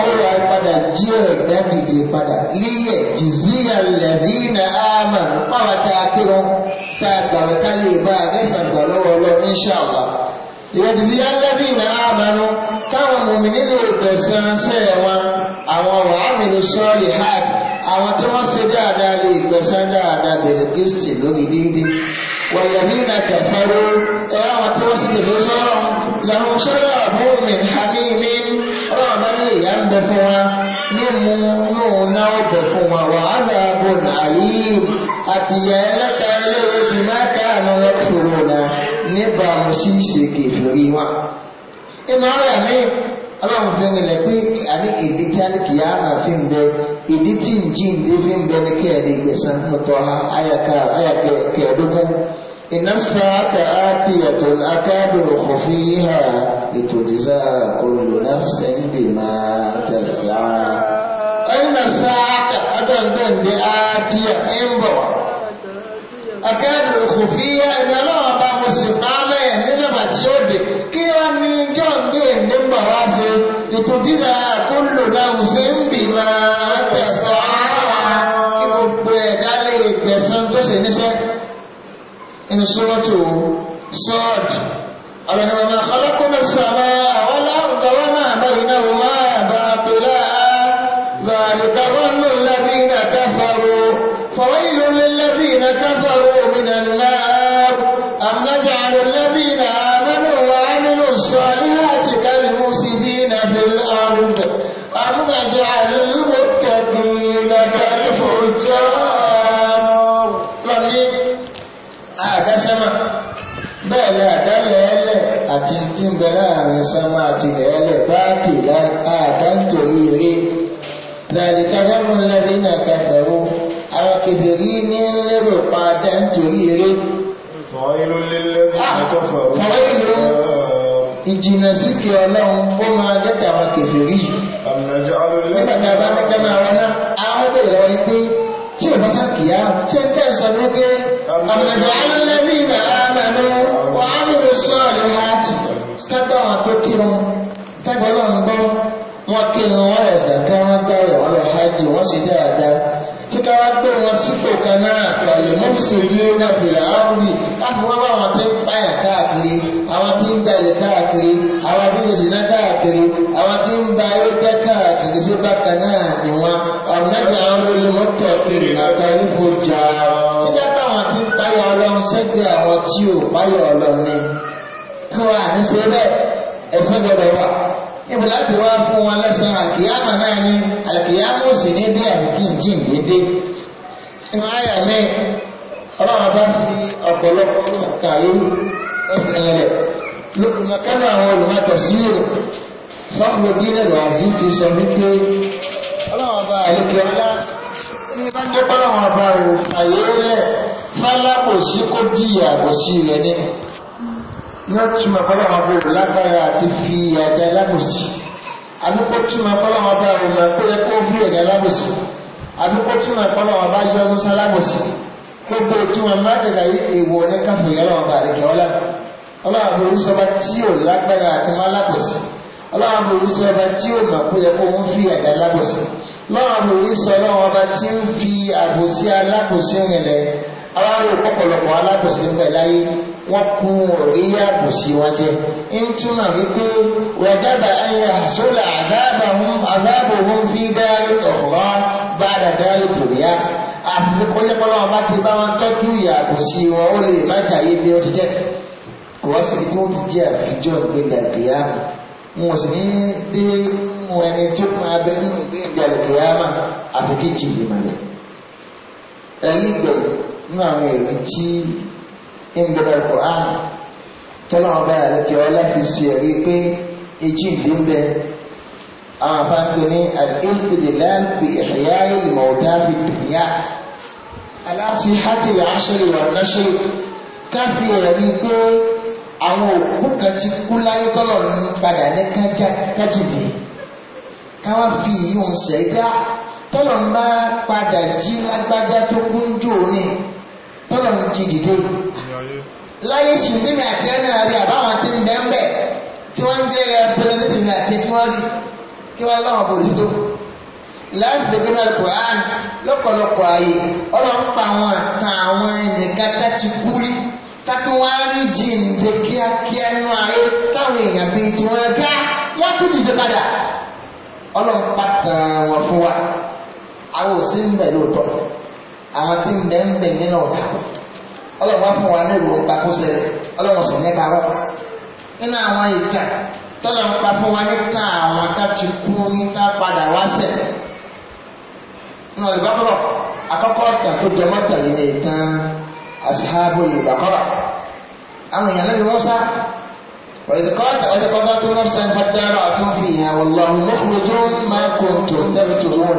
[SPEAKER 1] ó ra padà jí ẹ̀dá dìde padà líyẹ̀ jìzíyà lẹ́dínà ámà pàwọn tá a kí wọn tá a gbàgbé ká lè bá a ní ìsàgbà lọ́wọ́ ọlọ́run ṣàlá ìrẹ̀dìsíyà lẹ́dínà ámà nù káwọn sọ́ọ̀lì hàk àwọn tí wọ́n ṣe dáadáa lè gbẹ̀sán dáadáa bẹ̀rẹ̀ kristi lórí dídí. والذين كفروا ẹ̀rọ tí wọ́n sì lè sọ́rọ̀ làwọn sọ́rọ̀ àbúrò ìhàmì mi ọ̀rọ̀ mẹ́rin ìyá ń bẹ fún wa mímu náà náà bẹ fún wa wà á lọ abo nàáyí àtìyẹ ẹlẹ́ta ẹlẹ́wọ̀n ti máa ká àná wọn kúrò náà níbàámu sí ìṣègè lórí wa. ìmọ̀ ọ̀rẹ́ mi ọlọ́run fi rinlẹ̀ pé àní ìdí tí a ní kìí àmà fi ń bẹ ìdí tí ń jí ń dé fi ń bẹ ní kẹ́ẹ̀dé ìgbẹ̀sán mọ̀tọ́ ha ayàkẹ́ kẹ́ẹ̀dógún iná sáàkà áàkì ẹ̀tọ́ akádò òfin yíha ètò ìdíjà olùlò náà sẹ́ńdì máa tẹ̀sà. iná sáàkà ọdọ̀ndọ̀ndé áàkì ẹ̀ ń bọ̀ akádò òfin yíha ìgbàlọ́wọ́ bá mo sì máa mẹ́ẹ̀ nínú bàtí ó dé kí wọ́n ní jọ́ǹdé ìdí ń ìtòjíṣà kó lò láwù ṣe ń bì máa tẹ̀sán kí gbogbo ẹ̀dá lè gbẹ̀sán tó ṣe níṣẹ́ inú súnmọ́tò sọ́ọ̀dì ọ̀rọ̀ ìrọ̀lẹ́ ọlọ́kùnrin sàmà sánmà àti ìrẹ́lẹ̀ báàkìlá àtàntòrí rẹ̀ dàdìkàdàmù lẹ́dínà kẹfẹ̀rú àwọn kèbèrè ní lérò pa àtàntòrí rẹ̀ fọ́ìlú ìjìnà síkì ọlọ́run ó máa dẹ́ta àwọn kèbèrè nígbàtà bá ní kẹ́mà rẹ̀ náà àwọn bèèrè wọ́n pé tí ò bá sáà kìí á tí ó ń tẹ́ wọ́n ṣe dáadáa tí ká wá gbé wọn sípò kan náà pẹ̀lú mọ́sílì nàbìlà áwùrì láti wọ́n bá wọn tó ń fàyà káàkiri àwọn tí ń dalẹ̀ káàkiri àwọn tí ń ṣìnà káàkiri àwọn tí ń ba ayé tẹ́ káàkiri sí bákan náà ni wọ́n ọ̀nàgbà àwọn olùmọ̀tò kiri àgbà ìfojà. tí ká bá wọn tí ń fàyà ọlọ́run sẹ́gbẹ̀ẹ́ àwọn tí ò fàyà ọlọ́run ni. káwa àníṣe bẹ́ẹ̀ ẹ̀sán gbọ́dọ̀ wà níbo láti wá fún wọn lẹ́sàn àkìyàmà náà ní àkìyàmà òsì ní bí àdìkìjì dédé nínú àyà mi ọlọ́run bá fi ọ̀pọ̀lọpọ̀ nǹkan yòówù ọ̀sìn rẹ̀ lókùnmọ̀kánú àwọn olùmọ̀tọ̀ sí rẹ̀ fọ́ọ̀mù dínà lọ́sí fi sọ wípé ọlọ́run bá àlejò ọlá ní bá jẹ́ pọ́lọ́run bá rò àyè rẹ̀ fálákò sí kó díyà àbòsí rẹ̀ nínú yóò túmọ̀ fọlọ́mọ bẹ̀rù lágbára àti fi ẹ̀dá lábòsí àdúgbò túmọ̀ fọlọ́mọ bẹ̀rù mọ̀ pé kó fi ẹ̀dá lábòsí àdúgbò túmọ̀ fọlọ́mọ bá yọ ọdún sálábòsí gbogbo túmọ̀ má dẹ̀dà yí èèwọ̀ ní káfọ̀ yọlọ́wọ́ bá àdìgẹ́ ọlá ọlọ́wọ́ àbòrí sọba tí ò lágbára àti má lábòsí ọlọ́wọ́ àbòrí sọba tí ò mọ̀ pé kó ń fi ẹ̀dá lábòsí lọ́wọ́ àbòrí sọ ọlọ́wọ́ ọba tí ń fi àbòsí alábòsí rìnlẹ̀ àwọn àrò pọ̀pọ̀lọpọ̀ alábòsí ń bẹ̀ láyé wọ́n kú orí yàgò sí wọn jẹ́ ń túmọ̀ wípé wẹ̀dábà ayé àsólà àdáàbò wọn fi dárí ọ̀rọ̀ bá dárí kòríà àfikún ọba ti bá wọn tọ́jú ìyàgò sí wọn ó lè má jàyé bí ó ti jẹ́ wọ́n sì ti jẹ́ àfijọ́ sì ní ẹni tó ń bẹ alukur'an tọ́lá ọba àlejò ọlọ́fíìsì ẹ̀rí pé ejí ìdí ń bẹ àwọn afáàgbé ní al-istidlal bi ihya'i al-mawta fi dunya ala sihhati al-'ashr wan-nashr káfí ẹ̀rí pé àwọn òkú kan ti kú láyé tọ́lọ̀ ń padà ní kájìdì káwá fi ìyún ṣẹ̀dá tọ́lọ̀ ń bá láyé ṣùgbọ́n mi àti ẹni àbí àbáwọn tí ń bẹ́ ń bẹ̀ tí wọ́n ń jẹ́ ẹ pẹ̀lú tí mi àti tí wọ́n rí kí wọ́n lọ́wọ́ tó. láti náà kò lọ́pọ̀lọpọ̀ ààyè àwọn àtàn àwọn ti kú rí wọ́n á rí jíǹde kíákíá ayé táwọn èèyàn bíi tí wọ́n gá wọ́n tún dìde wọ́n fún wa àwọn ọlọ́run wá fún wa lérò ìpàkóso rẹ̀ ọlọ́run sì ní parọ́ nínú àwọn ìkà tọ́lọ̀ ń wa níta àwọn tá kú níta padà wá sẹ̀ nínú ìbábọ̀rọ̀ àkọ́kọ́ ìtàn tó jẹ mọ́tàlélẹ̀ àṣìhábò وإذ قال وإذ قضت نفسا فتارعتم فيها والله مخرج ما كنتم تكتمون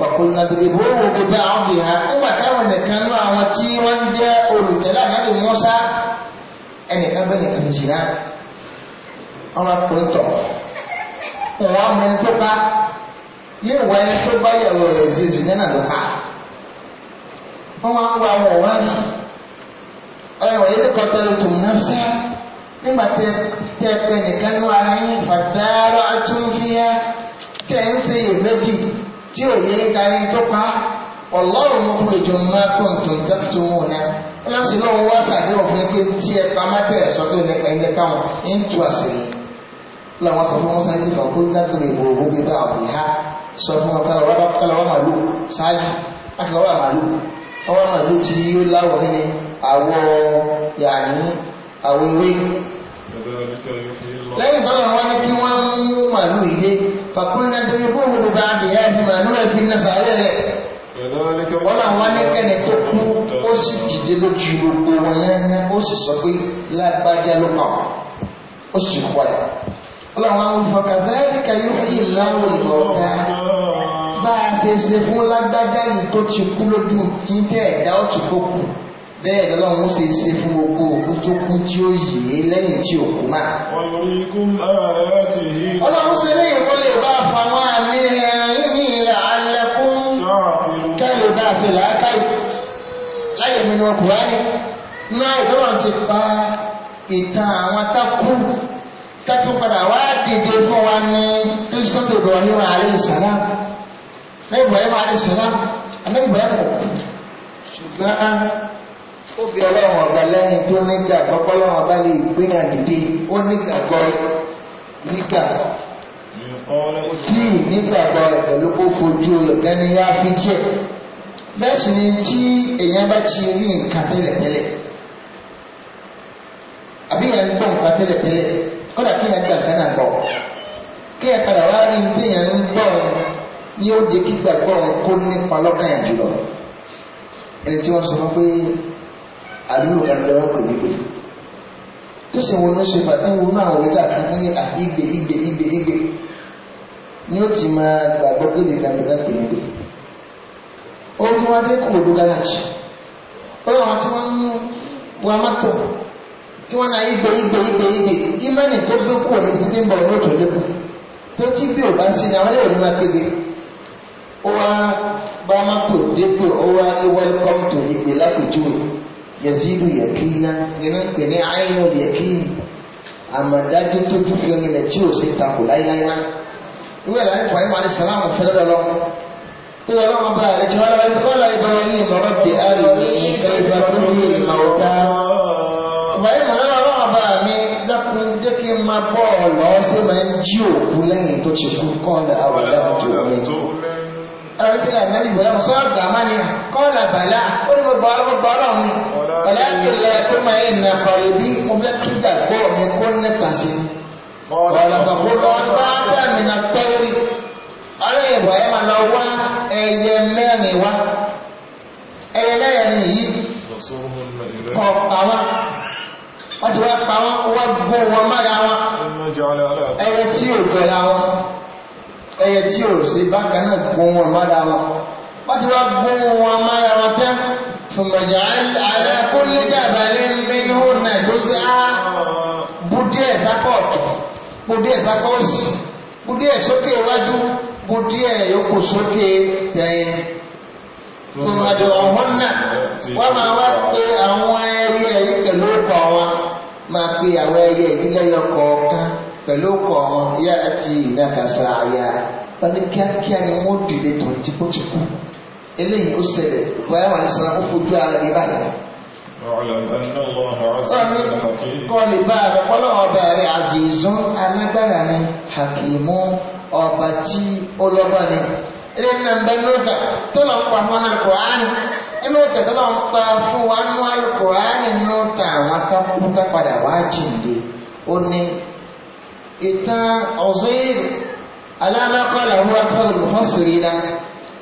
[SPEAKER 1] فقلنا اضربوه ببعضها أما كانوا نكانوا عواتي وانجا olùtẹ̀lé نبي موسى ẹnìkan bẹ́ẹ̀ nìkan ti ṣìlá ọmọ akùnrin tọ̀ ọ̀wọ́ ọmọ ẹni tó bá léèwọ̀ ẹni tó bá yẹ̀wò rẹ̀ zèzì nínú àlùkà wọ́n wá ń wá wọn wá ní ọ̀rẹ́ wọ̀nyí lè kọ́ tẹ́lẹ̀ tó mú náà sẹ́yà. nígbà tẹ tẹ pẹ nìkan nú ara yín fàtàrọ àtúnfíà tẹ ń ṣe ìrẹ́jì tí ò yẹ darí tó pa ọlọ́run mú fún ìjọ máa kó nǹkan tẹ́kì tó wù náà ọlọ́sìn náà wá sàdé tí ẹ má sọ pé ilé káwọn ń tu sọ fún wọn sáré nípa kó ìwò owó ọ̀bì ha sọ fún wọn àwọn ewé lẹ́yìn tó lọ́wọ́ ní kí wọ́n mú màlúù ilé fàkúnlẹ̀ tó yẹ fún òwúrò bá adìyẹ ẹ̀dì màlúù ẹ̀dì náà sàárẹ̀ rẹ̀ wọ́n làwọn ní kẹ́ni tó kú ó sì dìde lójú gbogbo wọn yẹn ó sì sọ pé lágbájá ló pa ó sì kú àyà ọlọ́run àwọn ìfọ̀kàtà yóò fi ìlàwọ̀ ìgbọ̀ọ̀ta bá a ṣe ṣe fún lágbájá yìí tó ti kú lójú tí tẹ́ ẹ̀dá ó ti kó kù bẹ́ẹ̀ lọ́lọ́run ṣe ṣe fún gbogbo òkú tó kú tí ó yìí lẹ́yìn tí òkú máa ọlọ́run ṣe lẹ́yìn kọ́ lè bá fàwọn àmì ẹ̀yìn ilẹ̀ alẹ́kún kẹ́lù bá ṣe láákàí láyé mi náà kùránì náà ìdọ́rọ̀ ti pa ìtàn àwọn tẹ́tù padà wá dìde fún wa ní lẹ́yìn ó bí ọlọ́run ọ̀gá lẹ́yìn tó nígbà gbọ́pọ́ lọ́wọ́ bá lè gbéyàn dìde ó nígbàgbọ́ nígbà tí nígbàgbọ́ rẹ̀ pẹ̀lú kó fojú rẹ̀ gẹ́ni yá fi jẹ́ bẹ́ẹ̀ sì ni tí èèyàn bá ti rí nǹkan tẹ́lẹ̀tẹ́lẹ̀ àbí yẹn ń gbọ́ nǹkan tẹ́lẹ̀tẹ́lẹ̀ kódà kí yẹn gbàgbẹ́ náà gbọ́ kí yẹn padà wá rí bí yẹn ń gbọ́ ni ó di kígbàgbọ́ kó nípa lọ́kàn yẹn jùlọ ẹni tí wọ́n sọ fún pé àdúgbò ẹgbẹ́ wọn pè nígbè tó sì wọn ló ṣe bàtà wọn náà wọ́n gbà kan ní àgbègbè ni yazidu yakina nínú pè ní àìyàn yakini àmọ̀dájú tó ju fi ọmọ ilẹ̀ tí ò sí takò láyéláyé ìwé ìlànà ìfọ̀ ìmọ̀ àti sàlámù fẹ́ lọ́dọ̀ lọ. ìwé ọlọ́run bá rẹ̀ tí wọ́n lọ́wọ́ ẹni kọ́lá ìbára ní ìmọ̀ràn bí àrùn ní kẹfà tó ní ìmọ̀ọ́dá. ìbáyé mọ̀ ẹ̀rọ sílẹ̀ ìmẹ́lì ìwé na sọ́ọ́ gàmá ni kọ́ọ̀lá bàlá na mi ọ̀lá ìpìlẹ̀ tó máa ń nà kọ̀rọ̀ bí mo fẹ́ kí gbàgbọ́ mi kó ní bá nà máa lọ wá ẹyẹ mẹ́rin wá ẹyẹ mẹ́rin yìí kọ̀
[SPEAKER 3] wọ́n ti wá wọ́n wọn wọn ẹyẹ tí ò
[SPEAKER 1] ẹyẹ tí ò sí bákan náà gbọ́n wọn mára wọn wọ́n ti wá gbọ́n wọn mára wọn tẹ́ fùmọ̀jà alákólégà balẹ̀ nínú náà tó sí á búdí ẹ̀ sápọ̀ ọ̀tọ̀ búdí ẹ̀ sápọ̀ òsì búdí ẹ̀ sókè iwájú sókè tẹ̀yìn ọ̀hún náà wọ́n máa wá pé àwọn ẹyẹ yìí pẹ̀lú ọkọ̀ wọn máa pe àwọn ẹyẹ pẹ̀lú ọkọ̀ wọn yá àti ìnákàsá àyà wọn ní kíákíá ni wọ́n dìde tọ̀ ní tipó ti kú eléyìí ó ṣẹlẹ̀ báyà wà ní sara ó fojú ara rẹ̀ báyìí. kọ́lì bá rẹ̀ kọ́lọ́ ọba rẹ̀ àzìzún alágbára ni hakimu ọba tí ó lọ́gbọ́n ni. ilé nà ń bẹ lóòótọ́ tó lọ pa fún alukóhánì inú òtẹ̀ tó lọ pa fún wa nú alukóhánì nù tà wọn ká fún ká padà wá jìnde ó ní ìtàn ọ̀zọ́yìn aláàlákọ́lá wọ́n fọ́lù fọ́sìrì náà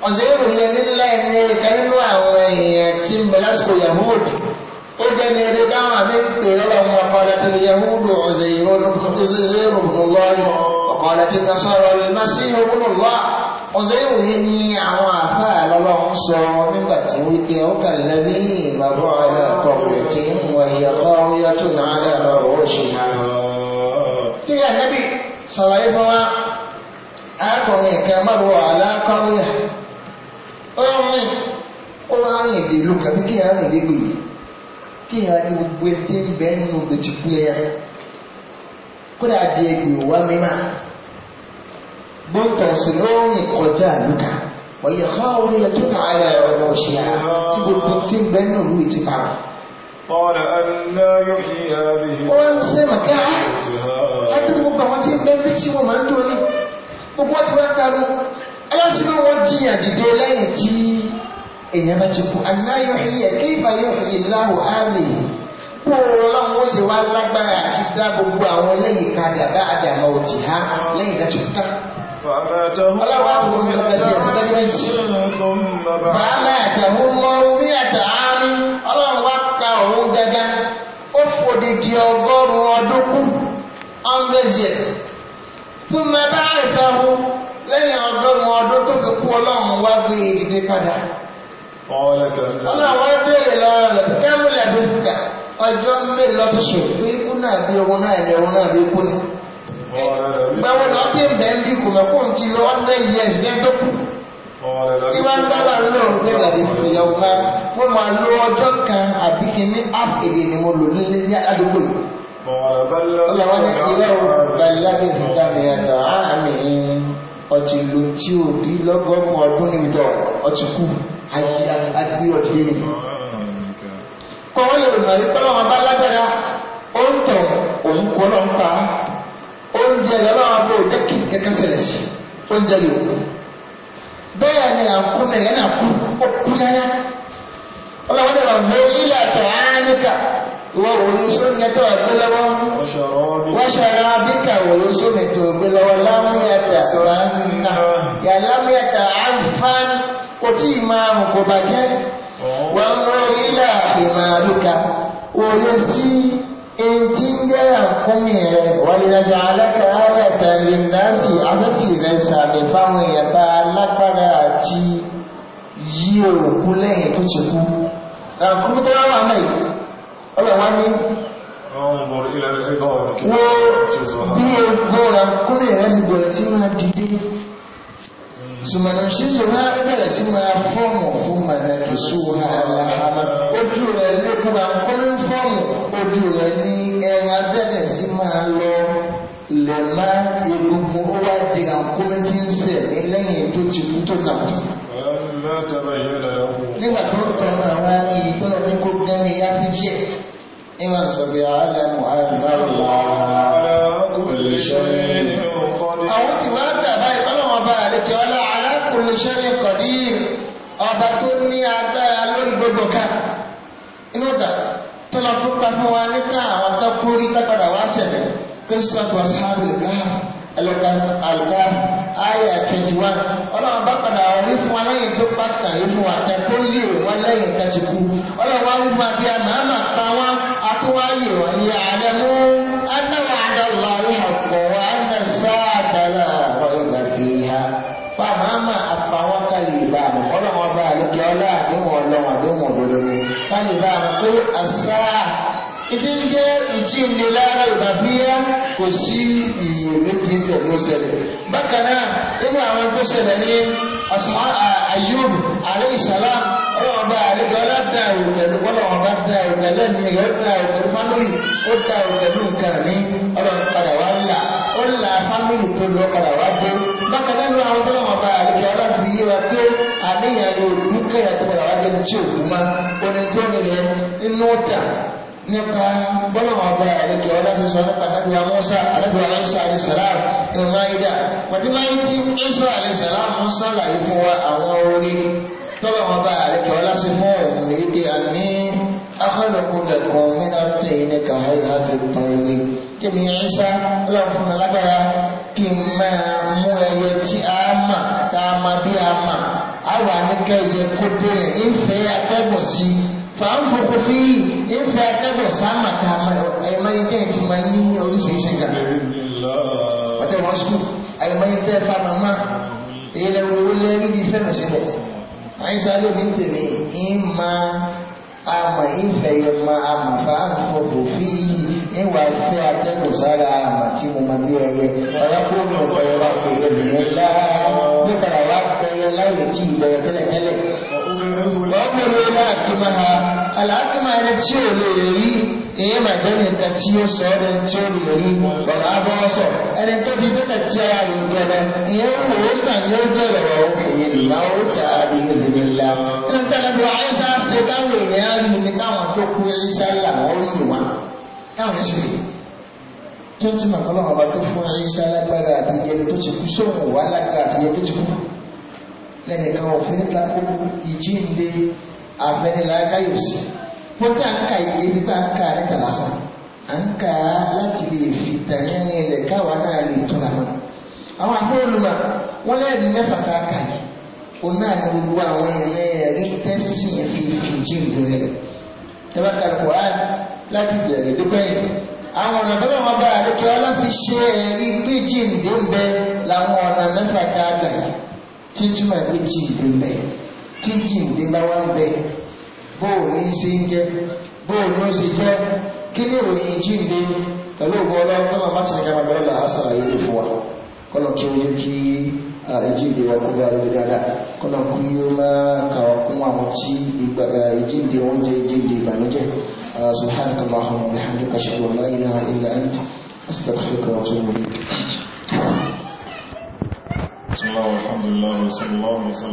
[SPEAKER 1] ọ̀zọ́yìn rẹ̀ nílẹ̀ ní ìkẹ́nínú àwọn èèyàn tí ń bẹ̀lásìkò yahood ó dẹni ẹni dáhùn àbí pèrè lọ́wọ́ ọ̀kọ́lá tí yahood ọ̀zọ́yìn ọ̀zọ́yìn ọ̀kọ́lá tí nasọ́rọ̀ ìmásíyìn ọ̀gbọ́n ọ̀zọ́yìn rẹ̀ ní àwọn àfà lọ́lọ́run sọ nígbà tí ó dé ọkà lẹ́bí ìbàbọ̀ àdàkọ̀ọ̀kọ̀ tí wọ́n yẹ kọ́ yàtọ̀ náà dàbọ̀ òṣìṣẹ́ kí ànábì sọ̀rọ̀ yìí fún wa arákùnrin kan mọ̀rọ̀ aláàkọ́rìyà ó rìn ó máa ń rìn dèlú kàbí kí á rìn dégbè yìí kí á ní gbogbo ẹtí ń bẹ nínú gbèjì kú ẹyà kódà di ègbè wá mímá bóńtọ̀sì ló ń rìn kọjá àlùkà ọ̀yẹ̀kọ́ orí ẹjọ́ náà ara ẹ̀rọ ọ̀ṣẹ́ tí gbogbo tí ń nínú ìlú ìtìpara. قال أن
[SPEAKER 2] لا يحيي هذه
[SPEAKER 1] الموتى èyàn bá ti kú aláyọ̀hìyẹ kí ìfàyọ̀hìyẹ láhùn áàmì kó ọlọ́run ó sì wá lágbára àti dá gbogbo àwọn lẹ́yìn kadà bá àdàmà òtì ha lẹ́yìn dájú tán. ọlọ́run á fún mi lọ́wọ́ sí ẹ̀sìn tẹ́lẹ̀mẹ́tì. bàálà àtàwọn ọmọ orí àtà hundred years fún mẹ́ta ìtàkù lẹ́yìn ọgọ́rùn-ún ọdún tó fi kú ọlọ́run wá gbé ìdílé padà.
[SPEAKER 2] ọlọ́run wá
[SPEAKER 1] bèèrè lọ́wọ́ rẹ̀ kẹ́rù lẹ́dọ̀ọ́dà ọjọ́ mélòó lọ́tún ṣe fún ikú náà bí owó náà ẹ̀rẹ̀ owó náà bí kú ni. gbàwọ́ lọ bí ẹ̀bẹ̀ ń bí kù mẹ́kù ń ti hundred years ní ẹjọ́ kù. ìwà ń bá wà lóòrùn pé làdí fún ìyàwó máa mo máa lo ọjọ́ kan àbíkí ní áàpù ni mo lò ní àdúgbò yìí. قال بل لبثت مئة عام ọtí lo tí ó dí lọ́gọ́rùn ọdún ní ìjọ ọtí kú àti ọtí èyí kọ́wọ́ lè rìnà rí pẹ́lú ọmọ bá lágbára ó ń tọ̀ òun kọ́ lọ ń pa oúnjẹ lọ́wọ́ bó jẹ́ kí kẹ́kẹ́ sẹ̀lẹ̀ sí oúnjẹ lè kú bẹ́ẹ̀ ni àkúnlẹ̀ yẹn àkú ó kú yáyá
[SPEAKER 3] ọlọ́wọ́ lè rọ̀ mọ́ ilẹ̀ àtẹ̀ áníkà
[SPEAKER 1] ورسلنا تقبلهم وشرابك ورسلنا تقبلهم لم يتسرن يا لم يتعفن وتيمام كبك وانظر إلى حمارك ورزتي إنتين جاكم ولنجعلك آية للناس أمتي ليس بفهم يتعلق بأتي yíò kú lẹ́yìn tó ti kú. Ẹ̀kú tó wà mẹ́yìn ọlọ́wà ní wọ́n bí ogóra kúrò rẹ̀ sì bẹ̀rẹ̀ sí máa dìde ṣùgbọ́n ṣí ṣùgbọ́n bẹ̀rẹ̀ sí máa fọ́ọ̀mù fún mànàkì ṣùgbọ́n àlàhàmà ojú rẹ̀ lẹ́kùnrin akọ́lẹ́ fọ́ọ̀mù ojú rẹ̀ ní ẹran bẹ̀rẹ̀ sí máa lọ lẹ́mà egungun ó wá di àkúrẹ́ tí ń sẹ̀ ní lẹ́yìn tó ti kú nígbà tó ń àwọn ìtọ́lọ́ ní kó gẹ́rin yá fi jẹ́ إمام سبي عالم أن الله كل شيء قدير أو تمام باي بلما بالك ولا على كل شيء قدير أبتني أتى لون بدوكا إنودا تلفق فوانك وتقولي تقرا واسد قصة أصحاب الكهف الكهف آية 21 ọlọ́run bá padà wí fún wa lẹ́yìn tó bá kàn yín fún wa kẹ́ tó yé wọn lẹ́yìn kẹ́ ti kú ọlọ́run wá wí fún wa bí a máa máa pa wọn. أقوى وليعلموا أن وعد الله حق وأن الساعة لا ريب فيها فماما أطوك الإمام قال ما بالك يا لا دم ولا ما دم ولا فالإمام قل الساعة إذن جاء الجن لا ريب فيها kò sí iyèméjì pẹ̀lú ṣẹlẹ̀. bákan náà nínú àwọn tó ṣẹlẹ̀ ní Ayyub alayhi salam ọba àlejò ọlọ́dà ẹ̀wò pẹ̀lú bọ́lọ̀ ọba dà ẹ̀wò pẹ̀lú ẹ̀mí rẹ̀ ó dà ẹ̀wò pẹ̀lú fámìlì ó dà ẹ̀wò pẹ̀lú nǹkan mi ọlọ́run padà wá là ó là fámìlì tó lọ padà wá dé bákan náà àwọn tó wọn ọba àlejò ọlọ́dà yé wa pé àníyàn yóò dún kẹ́yà tó padà wá dé tí òkú ma oní tó nílẹ̀ inú ta nípa bọ́lọ̀ ọba àlejò ọlọ́dà sọ nípa àdàbíyà mọ́sá àdàbíyà mọ́sá àdìsàlá ìmáyídà pàtí máyí tí ń sọ àdìsàlá mọ́sá làyè fún wa àwọn orin tọ́lọ̀ wọn bá àríkẹ́ ọlá sí fún òun èyí tí a ní akọ́lọ̀kúnlẹ̀ kan nínú ọdún yìí ní kàwé láti tán ìwé kébì ẹ̀ṣá ọlọ́run fún alágbára kí n máa mú ẹyẹ tí a mà tá a mà bí a mà á wà ní kẹ́yẹ kó bẹ̀rẹ̀ ìfẹ́ akẹ́gùn sí fàáfù kò fi ìfẹ́ akẹ́gùn sáàmà tá a mà ẹ̀yẹ́mẹ́yẹ tẹ́ ẹ̀ ti máa ní oríṣiríṣi gà. ọ̀tẹ̀ wọ́n sùn ẹ̀yẹ́mẹ́yẹ tẹ́ ẹ̀ fa màmá èyí àyíṣà lónìí tèmi ìmà àmà ìfẹ́ ìmà àmà fàánfọ̀ kò fi ìwà ìfẹ́ atẹ́kùn sára àmà tí mo máa gbé ẹyẹ ọ̀yọ́kùnrin ọ̀pẹ̀yẹ wa pè é nìyẹn láà nípa àwa pẹ̀yẹ láyé tí ìbẹ̀rẹ̀ tẹ́lẹ̀tẹ́lẹ̀. ọkùnrin náà kí máa ha àlàáfíà ẹni tí ò lè rí èyí máa jẹ́ nìkan tí ó sọ ọ́ tí ó lè rí ọ̀rọ̀ abọ́sọ̀ ẹni tó ti dẹ́kẹ̀ tí ara rẹ̀ jẹ́ lọ ìyẹn wò ó sàn ní ó jẹ́ lọ́wọ́ òkè yìí láwọ́ ó ti àárín ìlú ẹ̀dá wọn. Nínú tẹ́lẹ̀ bí wọ́n ẹ̀sà ṣe káwọn èèyàn rí ni káwọn tó kú ẹ̀ṣá yà wọ́n rí wa. Káwọn ẹ̀ṣẹ̀ rí. Tó ti mọ̀ fọlọ́ ọba tó fún ẹ̀ṣá lágbára àti iye tó ti kú sóhun wà lágbára àti iye tó ti kú. Lẹ́nu kan òfin ta kó ìjíǹde àfẹnilá káyọ̀sí. Mo ká ń ka ìdí nípa ń ka níta lásán. À ń ka láti lè fi ìtàyẹ̀ ní ilẹ̀ káwa náà lè tún àwọn àfẹ́ olùmọ̀ wọ́n lẹ́yìn mẹ́fà tá a kà yìí. Ona náà ni gbogbo àwọn ẹlẹ́ẹ̀rí tẹ́sìn fi fìdí ìrìn rẹ̀ tẹ́wọ́ ka Quran láti bẹ̀rẹ̀ dúpẹ́yìn àwọn ọ̀nà tó lọ́wọ́ bá àdókè ọlá fi ṣe ẹ̀rí méjì ìdè làwọn ọ̀nà mẹ́fà tá a gbà tí méjì ìdè ń bẹ tí bẹ bóò ṣe ń jẹ bóò ní ṣe jẹ ìròyìn ìjíǹde wa kó bá lórí dáadáa kọ́nà kí ó máa kàwọ́ fún àwọn tí ìjíǹde wọn jẹ́ ìjíǹde ìbànújẹ́ subhanaka allahumma wa bihamdika ashhadu an la ilaha illa anta astaghfiruka wa atubu ilayk بسم الله والحمد لله وصلى الله وسلم